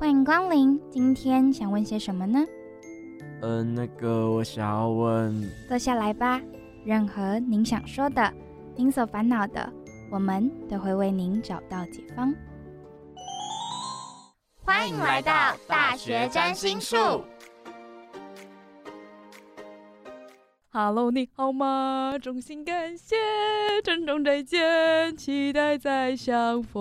歡迎光臨，今天想問些什麼呢？嗯、呃，那個我想要問，坐下來吧，任何您想說的、您所煩惱的，我們都會為您找到解方。歡迎來到大學占心術。哈嘍，你好嗎？衷心感謝，珍重再見，期待再相逢。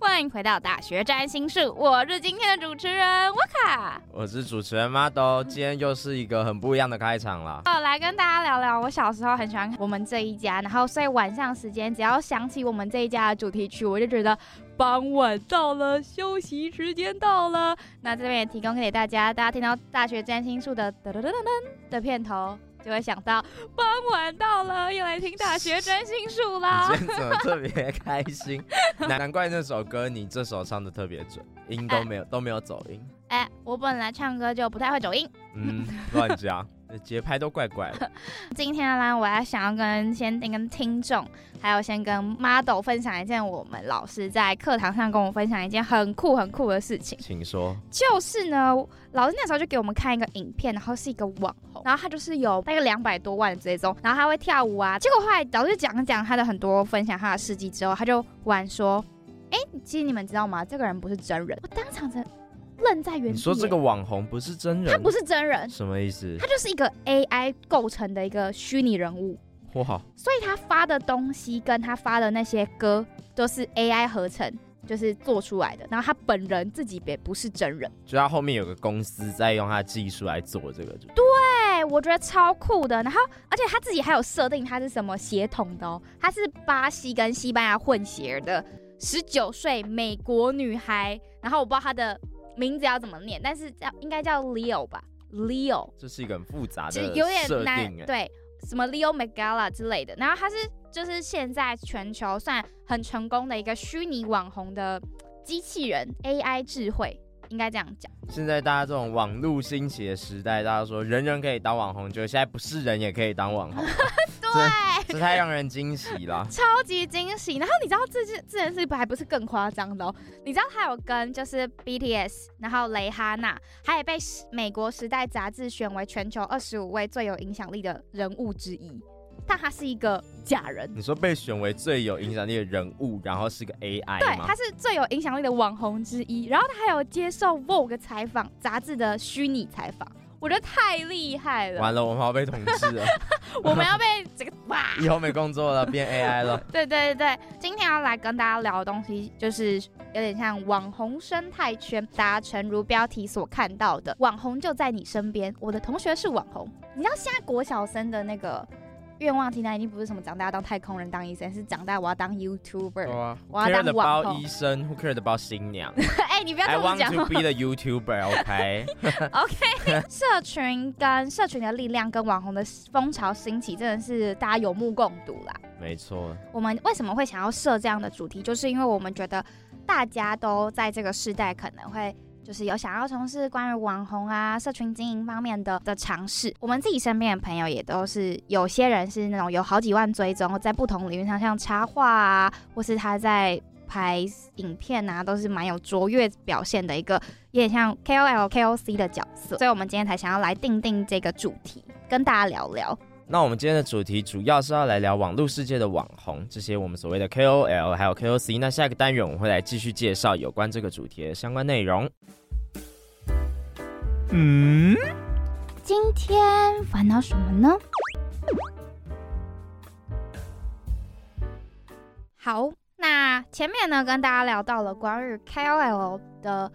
歡迎回到《大學占心術》，我是今天的主持人沃卡，我是主持人馬都，今天又是一個很不一樣的開場了。哦，來跟大家聊聊，我小時候很喜歡看我們這一家，然後所以晚上時間，只要想起我們這一家的主題曲，我就覺得傍晚到了，休息時間到了。那這邊也提供給大家，大家聽到《大學占心術》的噔噔噔噔的片頭。就會想到傍晚到了，又來聽大學占心術啦。真的特別開心。 難怪那首歌你這首唱得特別準，音都沒有、哎、都沒有走音。哎，我本來唱歌就不太會走音。嗯，亂講。 節拍都怪怪的。今天呢，我還想要跟先跟聽眾，還有先跟 model 分享一件我們老師在課堂上跟我分享一件很酷很酷的事情。請說。就是呢，老師那時候就給我們看一個影片，然後是一個網紅，然後他就是有那個兩百多萬的追蹤，然後他會跳舞啊。結果後來老師講講他的很多分享他的事蹟之後，他就玩說，哎、欸，其實你們知道嗎？這個人不是真人。我當場真。愣在原地。你說這個網紅不是真人？他不是真人，什麼意思？他就是一個 AI 構成的一個虛擬人物。哇！所以他發的東西跟他發的那些歌都是 AI 合成，就是做出來的。然後他本人自己也不是真人，就他後面有個公司在用他的技術來做這個、就是。對，我覺得超酷的。然後，而且他自己還有設定他是什麼血統的哦，他是巴西跟西班牙混血的，十九歲美國女孩。然後我不知道他的。名字要怎麼念？但是叫應該叫 Leo 吧，Leo，這是一個很複雜的設定欸，就是有點難，對，什麼 Leo Magala 之類的。然後他是就是現在全球算很成功的一個虛擬網紅的機器人 AI 智慧。應該這樣講。現在大家這種網絡興起的時代，大家說人人可以當網紅，就現在不是人也可以當網紅， 對，這，這太讓人驚喜了， 超級驚喜。然後你知道這件這件事還還不是更誇張的哦，你知道他有跟就是 BTS，然後蕾哈娜，他也被美國時代雜誌選為全球二十五位最有影響力的人物之一。但他是一個假人。你說被選為最有影響力的人物，然後是個 AI，對，他是最有影響力的網紅之一，然後他還有接受 Vogue 採訪、雜誌的虛擬採訪，我覺得太厲害了。完了，我們要被統治了， 我們要被這個哇！ 以後沒工作了，變 AI 了。對 對對對，今天要來跟大家聊的東西，就是有點像網紅生態圈。大家誠如標題所看到的，網紅就在你身邊。我的同學是網紅，你知道現在國小生的那個。願望清單一定不是什麼長大要當太空人、當醫生，是長大我要當 YouTuber，oh，我要當網紅。Who cares about 醫生？Who cares about 新娘？哎，你不要跟我講。I want to be the YouTuber. OK. OK. 社群跟社群的力量，跟網紅的風潮興起，真的是大家有目共睹啦。沒錯。我們為什麼會想要設這樣的主題，就是因為我們覺得大家都在這個時代，可能會，就是有想要從事關於網紅啊、社群經營方面的的嘗試，我們自己身邊的朋友也都是，有些人是那種有好幾萬追蹤，在不同領域上，像插畫啊，或是他在拍影片啊，都是蠻有卓越表現的一個，有點像 KOL、KOC 的角色，所以我們今天才想要來定定這個主題，跟大家聊聊。那我們今天的主題主要是要來聊網絡世界的網紅，這些我們所謂的 KOL 還有 KOC。那下一個單元我們會來繼續介紹有關這個主題的相關內容。嗯，今天玩到什麼呢？好，那前面呢，跟大家聊到了關於 KOL 的，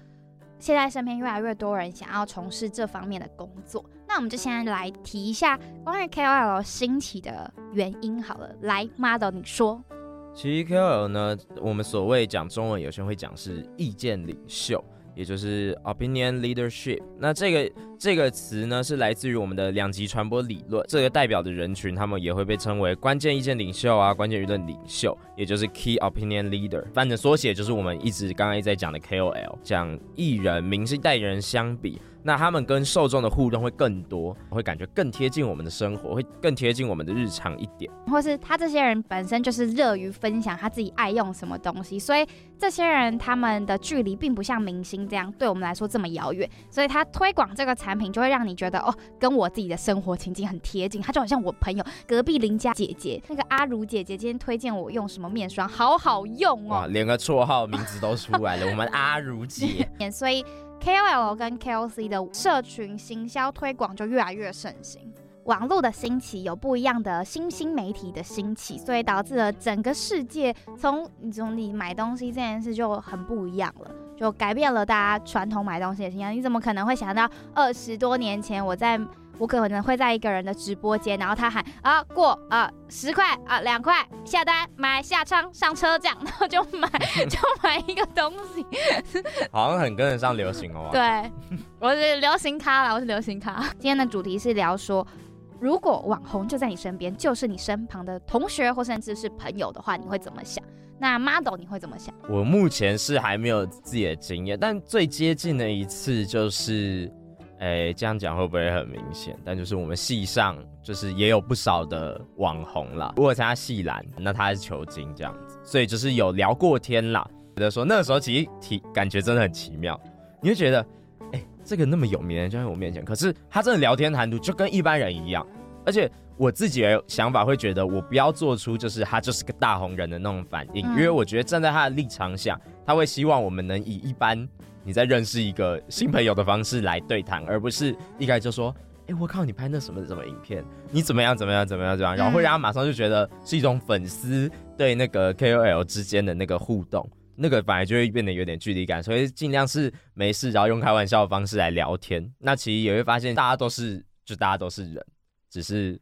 現在身邊越來越多人想要從事這方面的工作。那我們就先來提一下關於 KOL 興起的原因好了，來，Model，你說，其實 KOL 呢，我們所謂講中文，有時候會講是意見領袖，也就是 opinion leadership。那這個這個詞呢，是來自於我們的兩級傳播理論。這個代表的人群，他們也會被稱為關鍵意見領袖啊，關鍵輿論領袖，也就是 key opinion leader。反正縮寫就是我們一直剛剛一直在講的 KOL。講藝人、明星、代言人相比，那他們跟受眾的互動會更多，會感覺更貼近我們的生活，會更貼近我們的日常一點。或是他這些人本身就是樂於分享他自己愛用什麼東西，所以這些人他們的距離並不像明星這樣對我們來說這麼遙遠，所以他推廣這個產品就會讓你覺得哦，跟我自己的生活情景很貼近。他就好像我朋友隔壁鄰家姐姐，那個阿如姐姐今天推薦我用什麼面霜，好好用哦，連個綽號名字都出來了， 我們阿如姐。 所以。KOL 跟 KOC 的社群行銷推廣就越來越盛行。網絡的興起有不一樣的新興媒體的興起，所以導致了整個世界從從你買東西這件事就很不一樣了，就改變了大家傳統買東西的經驗。你怎麼可能會想到二十多年前我在？我可能會在一個人的直播間，然後他喊啊過啊十塊啊兩塊下單買下倉上車這樣，然後就買 就買一個東西， 好像很跟得上流行哦。對，我是流行咖啦，我是流行咖。 今天的主題是聊說，如果網紅就在你身邊，就是你身旁的同學或甚至是朋友的話，你會怎麼想？那 model 你會怎麼想？我目前是還沒有自己的經驗，但最接近的一次就是。 哎、欸，這樣講會不會很明顯？但就是我們系上就是也有不少的網紅啦。如果他系籃，那他是球經這樣子，所以就是有聊過天啦。覺得說那個時候其實體體感覺真的很奇妙，你會覺得，哎、欸，這個那麼有名的人就在我面前，可是他真的聊天談吐就跟一般人一樣。而且我自己的想法會覺得，我不要做出就是他就是個大紅人的那種反應、嗯，因為我覺得站在他的立場下，他會希望我們能以一般。你在認識一個新朋友的方式來對談，而不是一開始就說，哎、欸，我靠，你拍那什麼什麼影片？你怎麼樣怎麼樣怎麼樣怎麼樣，然後會讓他馬上就覺得是一種粉絲對那個 KOL 之間的那個互動，那個反而就會變得有點距離感，所以儘量是沒事，然後用開玩笑的方式來聊天，那其實也會發現大家都是，就大家都是人，只是。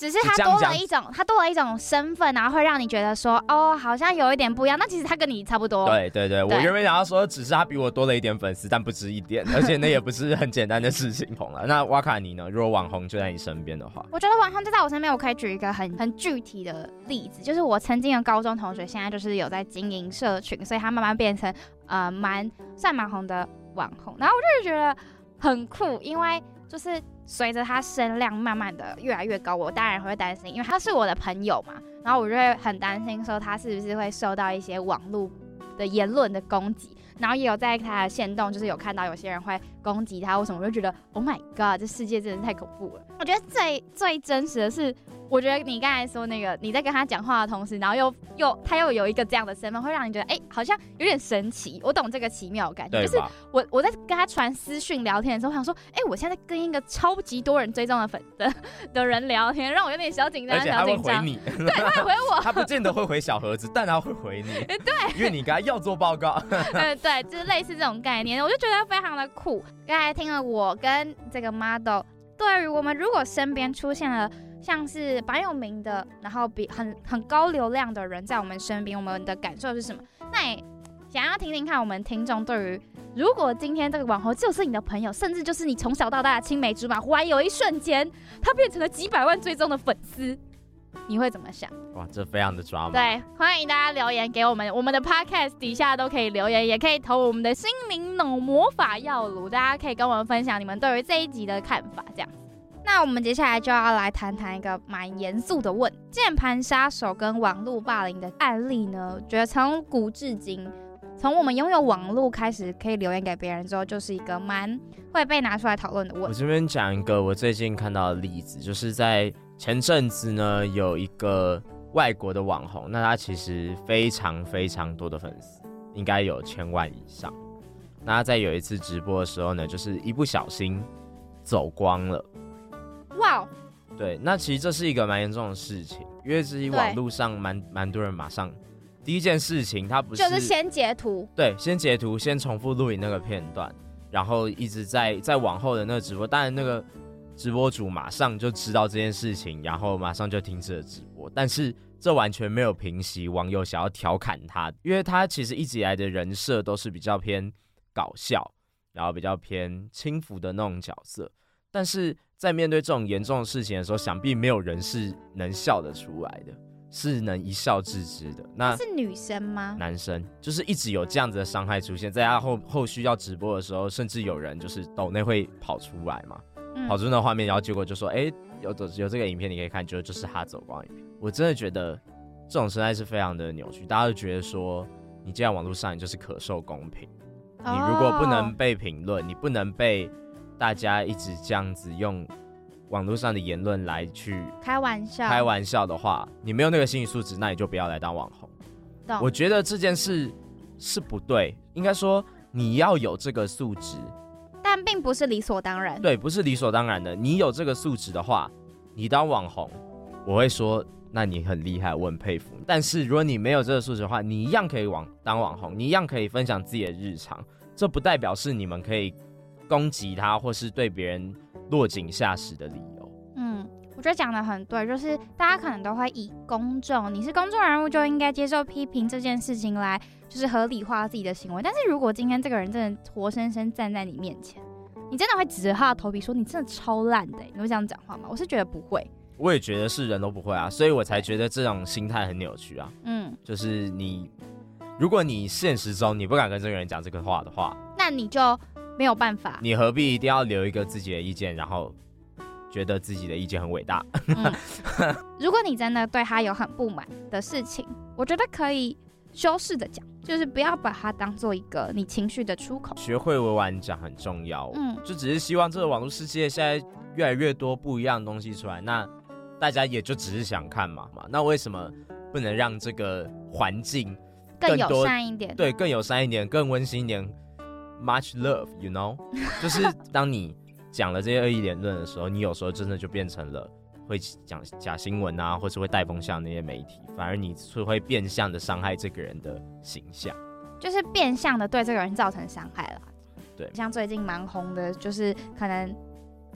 只是他多了一種，這樣這樣他多了一種身份，然後會讓你覺得說，哦，好像有一點不一樣。那其實他跟你差不多。對對對，對我原本想要說，只是他比我多了一點粉絲，但不止一點，而且那也不是很簡單的事情。紅了。 那瓦卡尼呢？如果網紅就在你身邊的話，我覺得網紅就在我身邊。我可以舉一個很很具體的例子，就是我曾經的高中同學，現在就是有在經營社群，所以他慢慢變成呃蠻算蠻紅的網紅。然後我就是覺得很酷，因為就是。隨着他聲量慢慢的越來越高，我當然會擔心，因為他是我的朋友嘛，然後我就會很擔心說他是不是會受到一些網絡的言論的攻擊，然後也有在他的限動就是有看到有些人會。攻擊他，為什麼我就覺得 oh my god，這世界真的是太恐怖了。我覺得最最真實的是，我覺得你剛才說那個，你在跟他講話的同時，然後又又他又有一個這樣的身份，會讓你覺得哎、欸、好像有點神奇。我懂這個奇妙感覺。對，就是我我在跟他傳私訊聊天的時候，我想說哎、欸、我現在，在跟一個超級多人追蹤的粉的的人聊天，讓我有點小緊張，小緊張。他會回你？對，他回我。 他不見得會回小盒子，但他會回你，對，因為你跟他要做報告。 對對，就是類似這種概念，我就覺得非常的酷。剛才聽了我跟這個 model 對於我們如果身邊出現了像是蠻有名的，然後比很很高流量的人在我們身邊，我們的感受是什麼？那你想要聽聽看我們聽眾對於如果今天這個網紅就是你的朋友，甚至就是你從小到大的青梅竹馬，忽然有一瞬間他變成了幾百萬追蹤的粉絲，你會怎麼想？哇，這非常的抓馬。對，歡迎大家留言給我們，我們的 podcast 底下都可以留言，也可以投我們的心靈の魔法藥爐。大家可以跟我們分享你們對於這一集的看法。這樣，那我們接下來就要來談談一個蠻嚴肅的問。鍵盤殺手跟網絡霸凌的案例呢？我覺得從古至今，從我們擁有網絡開始，可以留言給別人之後，就是一個蠻會被拿出來討論的問。我這邊講一個我最近看到的例子，就是在。前陣子呢，有一個外國的網紅，那他其實非常非常多的粉絲，應該有千萬以上。那他在有一次直播的時候呢，就是一不小心走光了。哇哦！對，那其實這是一個蠻嚴重的事情，因為自己網絡上蠻蠻多人馬上第一件事情，他不是就是先截圖，對，先截圖，先重複錄影那個片段，然後一直在在往後的那個直播，當然那個。直播主馬上就知道這件事情，然後馬上就停止了直播。但是這完全沒有平息網友想要調侃他，因為他其實一直以來的人設都是比較偏搞笑，然後比較偏輕浮的那種角色。但是在面對這種嚴重的事情的時候，想必沒有人是能笑得出來的，是能一笑置之的。那是女生嗎？男生就是一直有這樣子的傷害出現在他後後續要直播的時候，甚至有人就是抖內會跑出來嘛。跑出那畫面，然後結果就說，哎、嗯欸，有這有這個影片，你可以看，就是、就是他走光影片。我真的覺得，這種實在是非常的扭曲。大家都覺得說，你既然網絡上，你就是可受公平。哦、你如果不能被評論，你不能被大家一直這樣子用網絡上的言論來去開玩笑開玩笑的話，你沒有那個心理素質，那你就不要來當網紅。懂？我覺得這件事是不對，應該說你要有這個素質。並不是理所當然，對，不是理所當然的。你有這個素質的話，你當網紅，我會說那你很厲害，我很佩服。但是如果你沒有這個素質的話，你一樣可以網當網紅，你一樣可以分享自己的日常。這不代表是你們可以攻擊他或是對別人落井下石的理由。嗯，我覺得講的很對，就是大家可能都會以公眾，你是公眾人物就應該接受批評這件事情來，就是合理化自己的行為。但是如果今天這個人真的活生生站在你面前，你真的會指着他的頭皮說你真的超爛的？你會這樣講話嗎？我是覺得不會，我也覺得是人都不會啊，所以我才覺得這種心態很扭曲啊。嗯，就是你，如果你現實中你不敢跟這個人講這個話的話，那你就沒有辦法。你何必一定要留一個自己的意見，然後覺得自己的意見很偉大？ 嗯，如果你真的對他有很不滿的事情，我覺得可以。修飾的講，就是不要把它當做一個你情緒的出口。學會委婉講很重要喔。嗯，就只是希望這個網絡世界現在越來越多不一樣的東西出來，那大家也就只是想看嘛嘛。那為什麼不能讓這個環境更友善一點？對，更友善一點，更溫馨一點。Much love, you know。 就是當你講了這些惡意言論的時候，你有時候真的就變成了。會講假新聞啊，或是會帶風向那些媒體，反而你是會變相的傷害這個人的形象，就是變相的對這個人造成傷害了。對，像最近蠻紅的，就是可能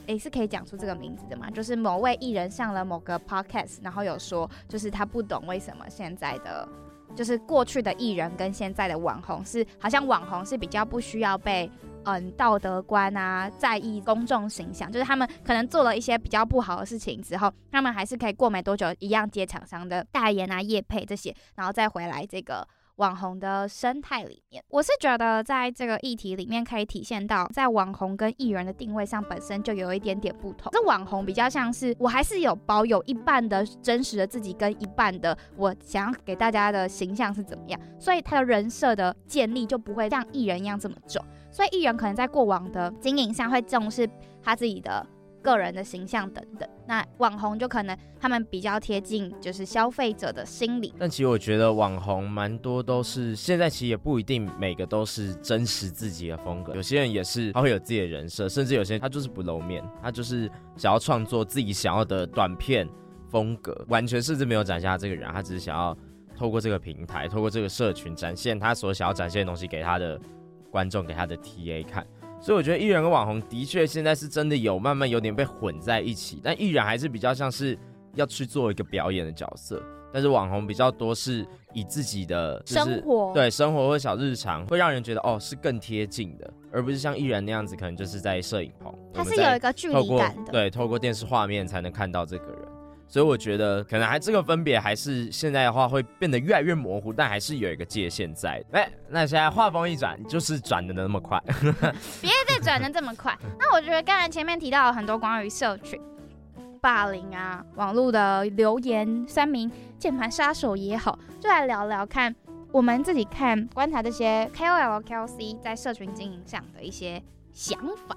也，欸、是可以講出這個名字的嘛，就是某位藝人上了某個 podcast，然後有說，就是他不懂為什麼現在的就是過去的藝人跟現在的網紅是好像網紅是比較不需要被。嗯，道德觀啊，在意公眾形象，就是他們可能做了一些比較不好的事情之後，他們還是可以過沒多久一樣接廠商的代言啊、業配這些，然後再回來這個。網紅的生態裡面，我是覺得在這個議題裡面可以體現到，在網紅跟藝人的定位上本身就有一點點不同。這網紅比較像是，我還是有保有一半的真實的自己跟一半的我想要給大家的形象是怎麼樣，所以他的人設的建立就不會像藝人一樣這麼重。所以藝人可能在過往的經營上會重視他自己的。個人的形象等等，那網紅就可能他們比較貼近就是消費者的心理。但其實我覺得網紅蠻多都是現在其實也不一定每個都是真實自己的風格。有些人也是他會有自己的人設，甚至有些人他就是不露面，他就是想要創作自己想要的短片風格，完全甚至沒有展現他這個人，他只是想要透過這個平台，透過這個社群展現他所想要展現的東西給他的觀眾，給他的 TA 看。所以我覺得藝人跟網紅的確現在是真的有慢慢有點被混在一起，但藝人還是比較像是要去做一個表演的角色，但是網紅比較多是以自己的、就是、生活對生活或小日常，會讓人覺得哦是更貼近的，而不是像藝人那樣子、嗯、可能就是在攝影棚，他是有一個距離感的透過，對，透過電視畫面才能看到這個人。所以我覺得可能還這個分別還是現在的話會變得越來越模糊，但還是有一個界限在。哎、欸，那現在畫風一轉，就是轉的能那麼快，別 再轉的這麼快。那我覺得剛才前面提到了很多關於社群霸凌啊、網絡的留言、三名鍵盤殺手也好，就來聊聊看我們自己看觀察這些 KOL、KLC 在社群經營上的一些想法。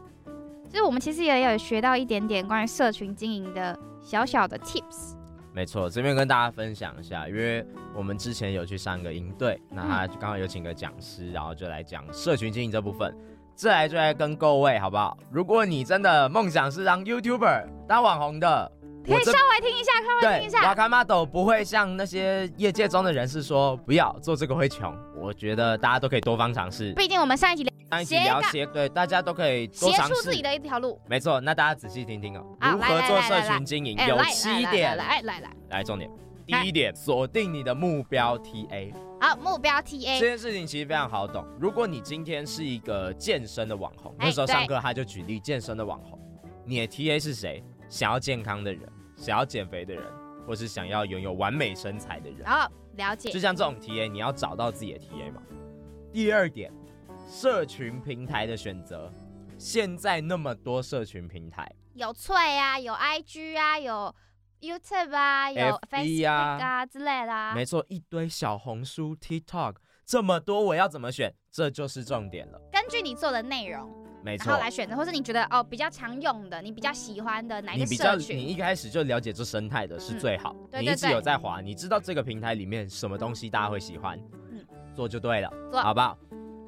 所、就、以、是、我們其實也有學到一點點關於社群經營的。小小的 tips，沒錯，這邊跟大家分享一下，因為我們之前有去上個營隊，那他剛好有請個講師，然後就來講社群經營這部分，再來就來跟各位好不好？如果你真的夢想是當 YouTuber、當網紅的，可以稍微聽一下，稍微聽一下。對，哇卡馬斗不會像那些業界中的人士說不要做這個會窮，我覺得大家都可以多方嘗試，畢竟我們上一集。大家一起聊，協對，大家都可以多嘗試自己的一條路。沒錯，那大家仔細聽聽哦、喔，如何做社群經營有七點。欸、來，來，來，來，來，來來來，來重點，第一點，鎖、欸、定你的目標 TA。好，目標 TA 這件事情其實非常好懂。如果你今天是一個健身的網紅，那時候上課他就舉例健身的網紅，欸、你的 TA 是誰？想要健康的人，想要減肥的人，或是想要擁有完美身材的人。好，了解。就像這種 TA，你要找到自己的 TA 嘛。第二點。社群平台的選擇，現在那麼多社群平台，有脆啊，有 IG 啊，有 YouTube 啊，有 Facebook 啊，啊之類的、啊。沒錯，一堆小紅書、TikTok，這麼多我要怎麼選？這就是重點了。根據你做的內容，沒錯，來選擇，或者你覺得哦比較常用的，你比較喜歡的哪一個社群？你比較你一開始就了解這生態的是最好、嗯對對對，你一直有在滑，你知道這個平台裡面什麼東西大家會喜歡，嗯、做就對了，做好不好？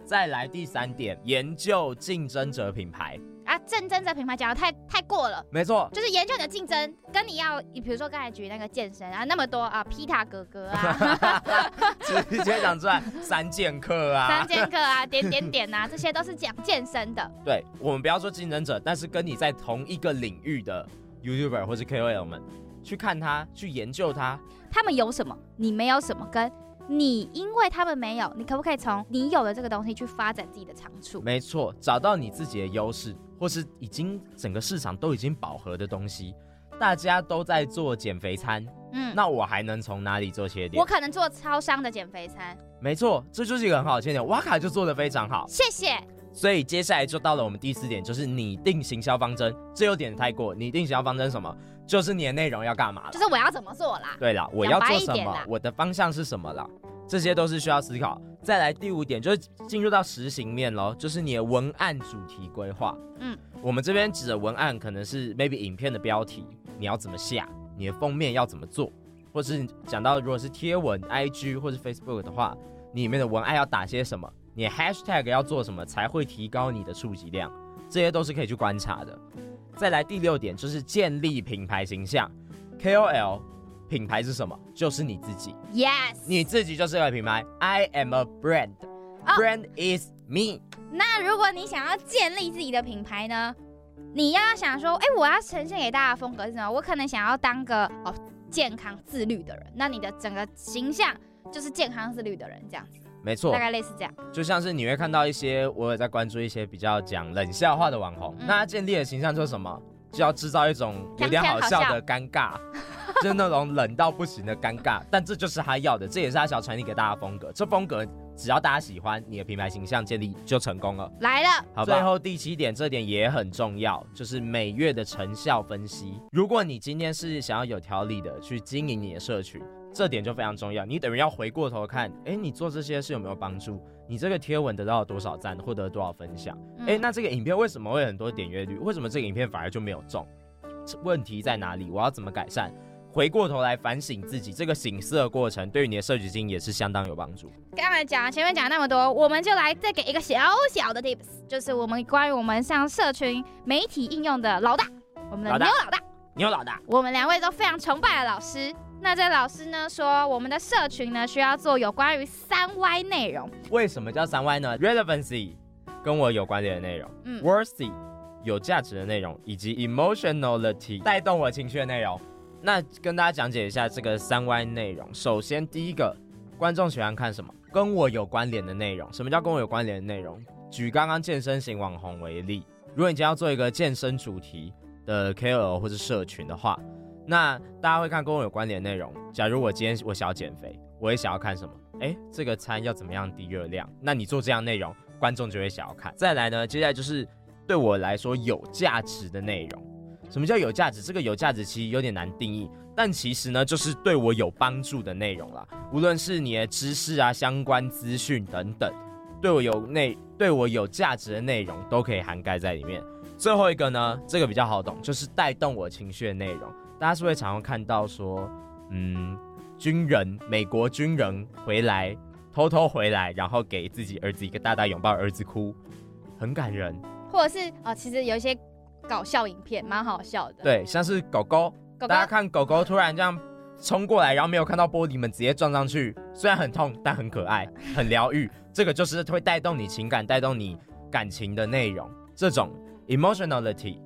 再來第三點，研究競爭者品牌啊，競爭者品牌講的太太過了，沒錯，就是研究你的競爭，跟你要，你比如說剛才舉那個健身啊，那麼多啊，皮塔哥哥啊， 直接講出來，三劍客啊，三劍客啊，點點點啊，這些都是講健身的， 對，我們不要說競爭者，但是跟你在同一個領域的 YouTuber 或者 KOL 們，去看他，去研究他，他們有什麼，你沒有什麼跟。你因為他們沒有，你可不可以從你有的這個東西去發展自己的長處？沒錯，找到你自己的優勢，或是已經整個市場都已經飽和的東西，大家都在做減肥餐，嗯，那我還能從哪裡做切點？我可能做超商的減肥餐。沒錯，這就是一個很好的切點，哇卡就做得非常好，謝謝。所以接下來就到了我們第四點，就是擬定行銷方針，這有點太過，擬定行銷方針什麼？就是你的內容要幹嘛？就是我要怎麼做啦。對啦，我要做什麼？我的方向是什麼啦？這些都是需要思考。再來第五點，就是進入到實行面咯。就是你的文案主題規劃。嗯，我們這邊指的文案可能是 maybe 影片的標題，你要怎麼下？你的封面要怎麼做？或者是你講到如果是貼文、IG 或是 Facebook 的話，你裡面的文案要打些什麼？你的 hashtag 要做什麼才會提高你的觸及量？這些都是可以去觀察的。再來第六點，就是建立品牌形象，KOL，品牌是什麼？就是你自己。Yes，你自己就是個品牌。I am a brand. Oh, brand is me. 那如果你想要建立自己的品牌呢？你要想說，欸，我要呈現給大家的風格是什麼？我可能想要當個哦健康自律的人。那你的整個形象就是健康自律的人這樣子。沒錯，大概類似這樣，就像是你會看到一些，我也在關注一些比較講冷笑話的網紅、嗯，那他建立的形象就是什麼，就要制造一種有點好笑的尷尬，天天就是、那種冷到不行的尷尬， 但這就是他要的，這也是他想傳遞給大家風格，這風格只要大家喜歡，你的品牌形象建立就成功了。來了，好吧，最後第七點，這點也很重要，就是每月的成效分析。如果你今天是想要有條理的去經營你的社群。這點就非常重要，你等於要回過頭看，哎，你做這些事有沒有幫助？你這個貼文得到了多少讚，獲得了多少分享？哎、嗯，那這個影片為什麼會很多點閱率？為什麼這個影片反而就沒有中？問題在哪裡？我要怎麼改善？回過頭來反省自己，這個省思的過程對於你的社群經營也是相當有幫助。剛才講前面講那麼多，我們就來再給一個小小的 tips，就是我們關於我們像社群媒體應用的老大，我們的牛老大，牛老大，我們兩位都非常崇拜的老師。那這老師呢說，我們的社群呢需要做有關於三 Y 內容。為什麼叫三 Y 呢？Relevancy，跟我有關聯的內容；嗯，Worthy，有價值的內容，以及 Emotionality，帶動我情緒的內容。那跟大家講解一下這個三 Y 內容。首先，第一個，觀眾喜歡看什麼？跟我有關聯的內容。什麼叫跟我有關聯的內容？舉剛剛健身型網紅為例，如果你將要做一個健身主題的 KOL 或者社群的話。那大家會看跟我有關聯的內容。假如我今天我想要減肥，我也想要看什麼？誒、欸，這個餐要怎麼樣低熱量？那你做這樣內容，觀眾就會想要看。再來呢，接下來就是對我來說有價值的內容。什麼叫有價值？這個有價值其實有點難定義，但其實呢，就是對我有幫助的內容啦。無論是你的知識啊、相關資訊等等，對我有內、對我有價值的內容都可以涵蓋在裡面。最後一個呢，這個比較好懂，就是帶動我情緒的內容。大家是會常常看到說，嗯，軍人，美國軍人回來，偷偷回來，然後給自己兒子一個大大擁抱，兒子哭，很感人。或者是啊、哦，其實有一些搞笑影片，蠻好笑的。對，像是狗狗，狗狗，大家看狗狗突然這樣衝過來，然後沒有看到玻璃門，直接撞上去，雖然很痛，但很可愛，很療癒。 這個就是會帶動你情感、帶動你感情的內容，這種 emotionality，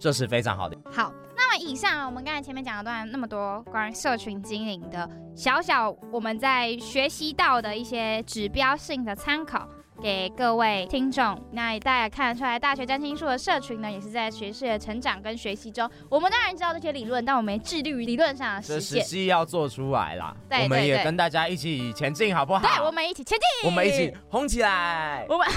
這是非常好的。好。以上，我們剛才前面講了段那麼多關於社群經營的小小，我們在學習到的一些指標性的參考。給各位聽眾，那大家看得出來，大學占心術的社群呢，也是在學習的成長跟學習中。我們當然知道這些理論，但我們致力於理論上實踐，這實際要做出來啦。我們也跟大家一起前進，好不好？對，我們一起前進，我們一起紅起來。我們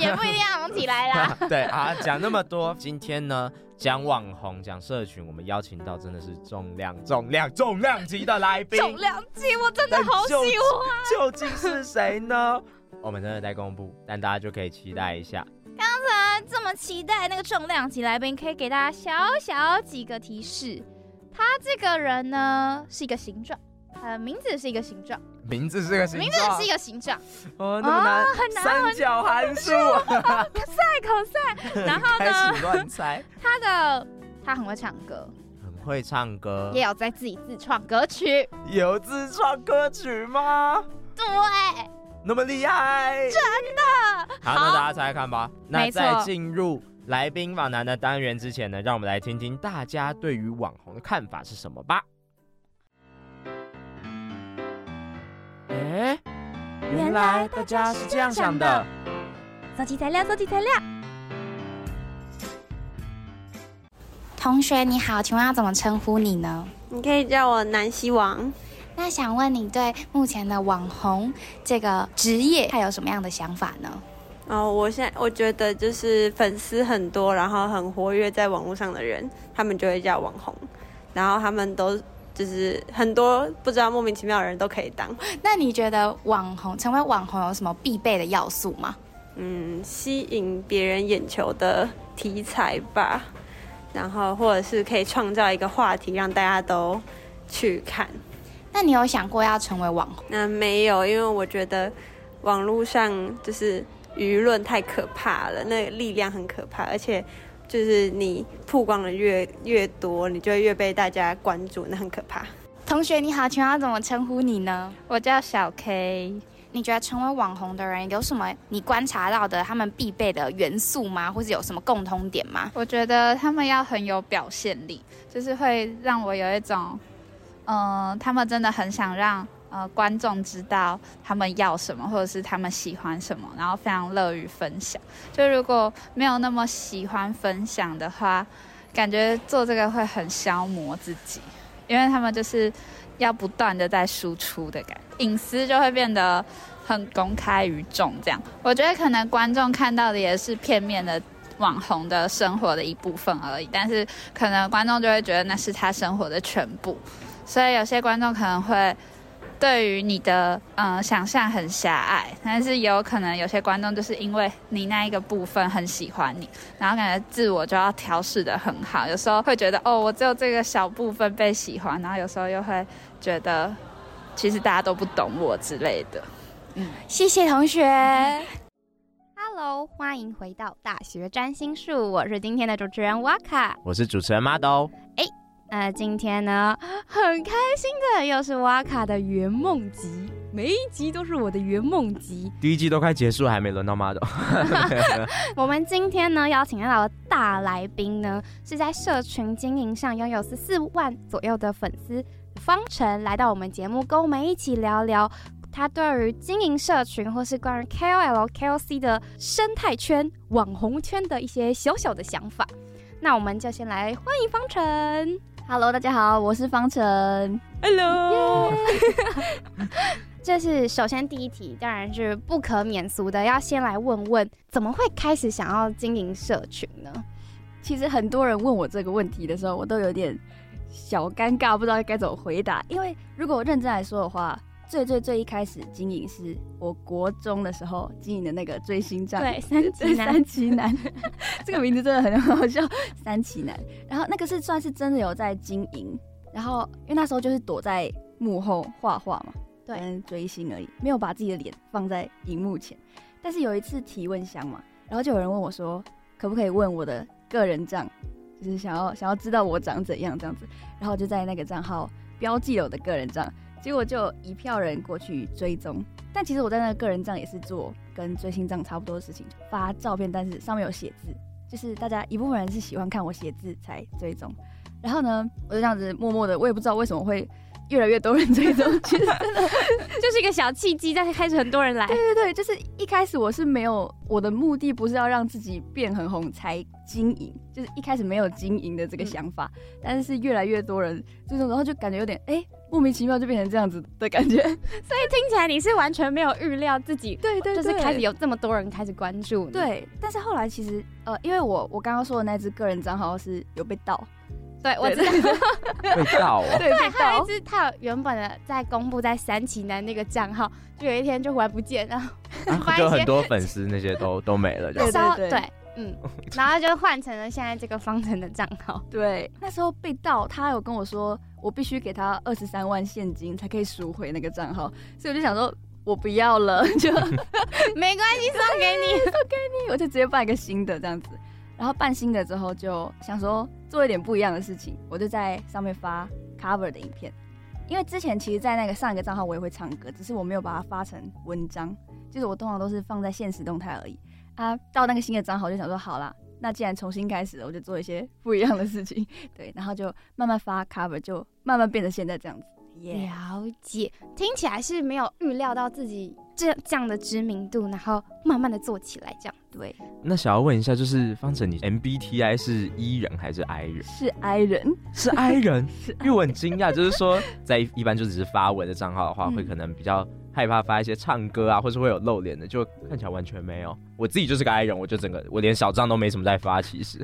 也不一定要紅起來啦、 啊。對啊，講那麼多， 今天呢，講網紅，講社群，我們邀請到真的是重量、重量、重量級的來賓。重量級，我真的好喜歡、啊。究竟是誰呢？ 我們真的在公布，但大家就可以期待一下。剛才這麼期待那個重量級來賓，可以給大家小小幾個提示。他這個人呢是一個形狀，呃名字是一個形狀，名字是一個形狀，名字是一個形狀。哦，那麼難哦很難，三角函數賽口賽 然後呢？開始亂猜。他的他很會唱歌，很會唱歌，也有在自己自創歌曲，有自創歌曲嗎？對。那麼厲害，真的。好，好，那大家猜看吧。那在進入來賓訪談的單元之前呢，讓我們來聽聽大家對於網紅的看法是什麼吧。嗯、原來大家是這樣想的。收集材料，收集材料。同學你好，請問要怎麼稱呼你呢？你可以叫我南希王。那想問你對目前的網紅這個職業，還有什麼樣的想法呢？哦，我現在我覺得就是粉絲很多，然後很活躍在網絡上的人，他們就會叫網紅。然後他們都就是很多不知道莫名其妙的人都可以當。那你覺得網紅成為網紅有什麼必備的要素嗎？嗯，吸引別人眼球的題材吧，然後或者是可以創造一個話題，讓大家都去看。那你有想過要成為網紅？那沒有，因為我覺得網絡上就是輿論太可怕了，那個力量很可怕，而且就是你曝光的越越多，你就越被大家關注，那很可怕。同學你好，請問要怎麼稱呼你呢？我叫小 K。你覺得成為網紅的人有什麼你觀察到的他們必備的元素嗎？或者有什麼共通點嗎？我覺得他們要很有表現力，就是會讓我有一種。嗯，他們真的很想讓呃觀眾知道他們要什麼，或者是他們喜歡什麼，然後非常樂於分享。就如果沒有那麼喜歡分享的話，感覺做這個會很消磨自己，因為他們就是要不斷的在輸出的感覺，隱私就會變得很公開於眾。這樣，我覺得可能觀眾看到的也是片面的網紅的生活的一部分而已，但是可能觀眾就會覺得那是他生活的全部。所以有些觀眾可能會對於你的嗯、呃、想象很狹隘，但是有可能有些觀眾就是因為你那一個部分很喜歡你，然後感覺自我就要調適得很好，有時候會覺得哦，我只有這個小部分被喜歡，然後有時候又會覺得其實大家都不懂我之類的。嗯，謝謝同學。Hello，歡迎回到大學占心術，我是今天的主持人 Waka，我是主持人 Madou。呃，今天呢很開心的，又是哇卡的圓夢集，每一集都是我的圓夢集。第一集都快結束了，還沒輪到 model。 我們今天呢邀請到的大來賓呢，是在社群經營上擁有十四萬左右的粉絲方晨來到我們節目，跟我們一起聊聊他對於經營社群或是關於 KOL、KOC 的生態圈、網紅圈的一些小小的想法。那我們就先來歡迎方晨 Hello，大家好，我是方晨。Hello，這、yeah! 是首先第一題，當然是不可免俗的，要先來問問怎麼會開始想要經營社群呢？其實很多人問我這個問題的時候，我都有點小尷尬，不知道該怎麼回答，因為如果我認真來說的話。最最最一開始經營是我國中的時候經營的那個追星帳，對，三七男，三七男 這個名字真的很好笑， 三七男。然後那個是算是真的有在經營，然後因為那時候就是躲在幕後畫畫嘛，對，追星而已，沒有把自己的臉放在熒幕前。但是有一次提問箱嘛，然後就有人問我說，可不可以問我的個人帳，就是想要想要知道我長怎樣這樣子，然後就在那個賬號標記了我的個人帳。結果就一票人過去追蹤，但其實我在那個個人帳也是做跟追星帳差不多的事情，發照片，但是上面有寫字，就是大家一部分人是喜歡看我寫字才追蹤，然後呢，我就這樣子默默的，我也不知道為什麼會，越來越多人追蹤，其 實真的就是一個小契機，但是開始很多人來。對對對，就是一開始我是沒有我的目的，不是要讓自己變很紅才經營，就是一開始沒有經營的這個想法，嗯。但是越來越多人追蹤，就是然後就感覺有點哎莫名其妙就變成這樣子的感覺。所以聽起來你是完全沒有預料自己對，對對，就是開始有這麼多人開始關注你。對，但是後來其實呃，因為我我剛剛說的那只個人賬號是有被盜。對，我知道對對對 對 被盜啊！對，是他一他原本的在公布在三七男的那個賬號，就有一天就回來不見了，然、啊、後就， 就，一 就很多粉絲那些都都沒了。就對對對，對，嗯，然後就換成了現在這個方程的賬號， 對 號。對，那時候被盜，他有跟我說，我必須給他二十三萬現金才可以贖回那個賬號，所以我就想說，我不要了，就 沒關係，送給你， 送給你， 我就直接辦一個新的這樣子。然後辦新的之後就想說做一點不一樣的事情，我就在上面發 cover 的影片，因為之前其實，在那個上一個賬號我也會唱歌，只是我沒有把它發成文章，就是我通常都是放在現實動態而已。啊，到那個新的賬號就想說好啦，那既然重新開始了，我就做一些不一樣的事情，對，然後就慢慢發 cover，就慢慢變成現在這樣子耶。了解，聽起來是沒有預料到自己這這樣的知名度，然後慢慢的做起來，這樣對。那想要問一下，就是方晨，你 M B T I 是 E 人還是 I 人？是 I 人，是 I 人。因 為我很驚訝，就是說，在一般就只是發文的賬號的話、嗯，會可能比較害怕發一些唱歌啊，或是會有露臉的，就看起來完全沒有。我自己就是個 I 人，我就整個我連小賬都沒什麼在發，其實。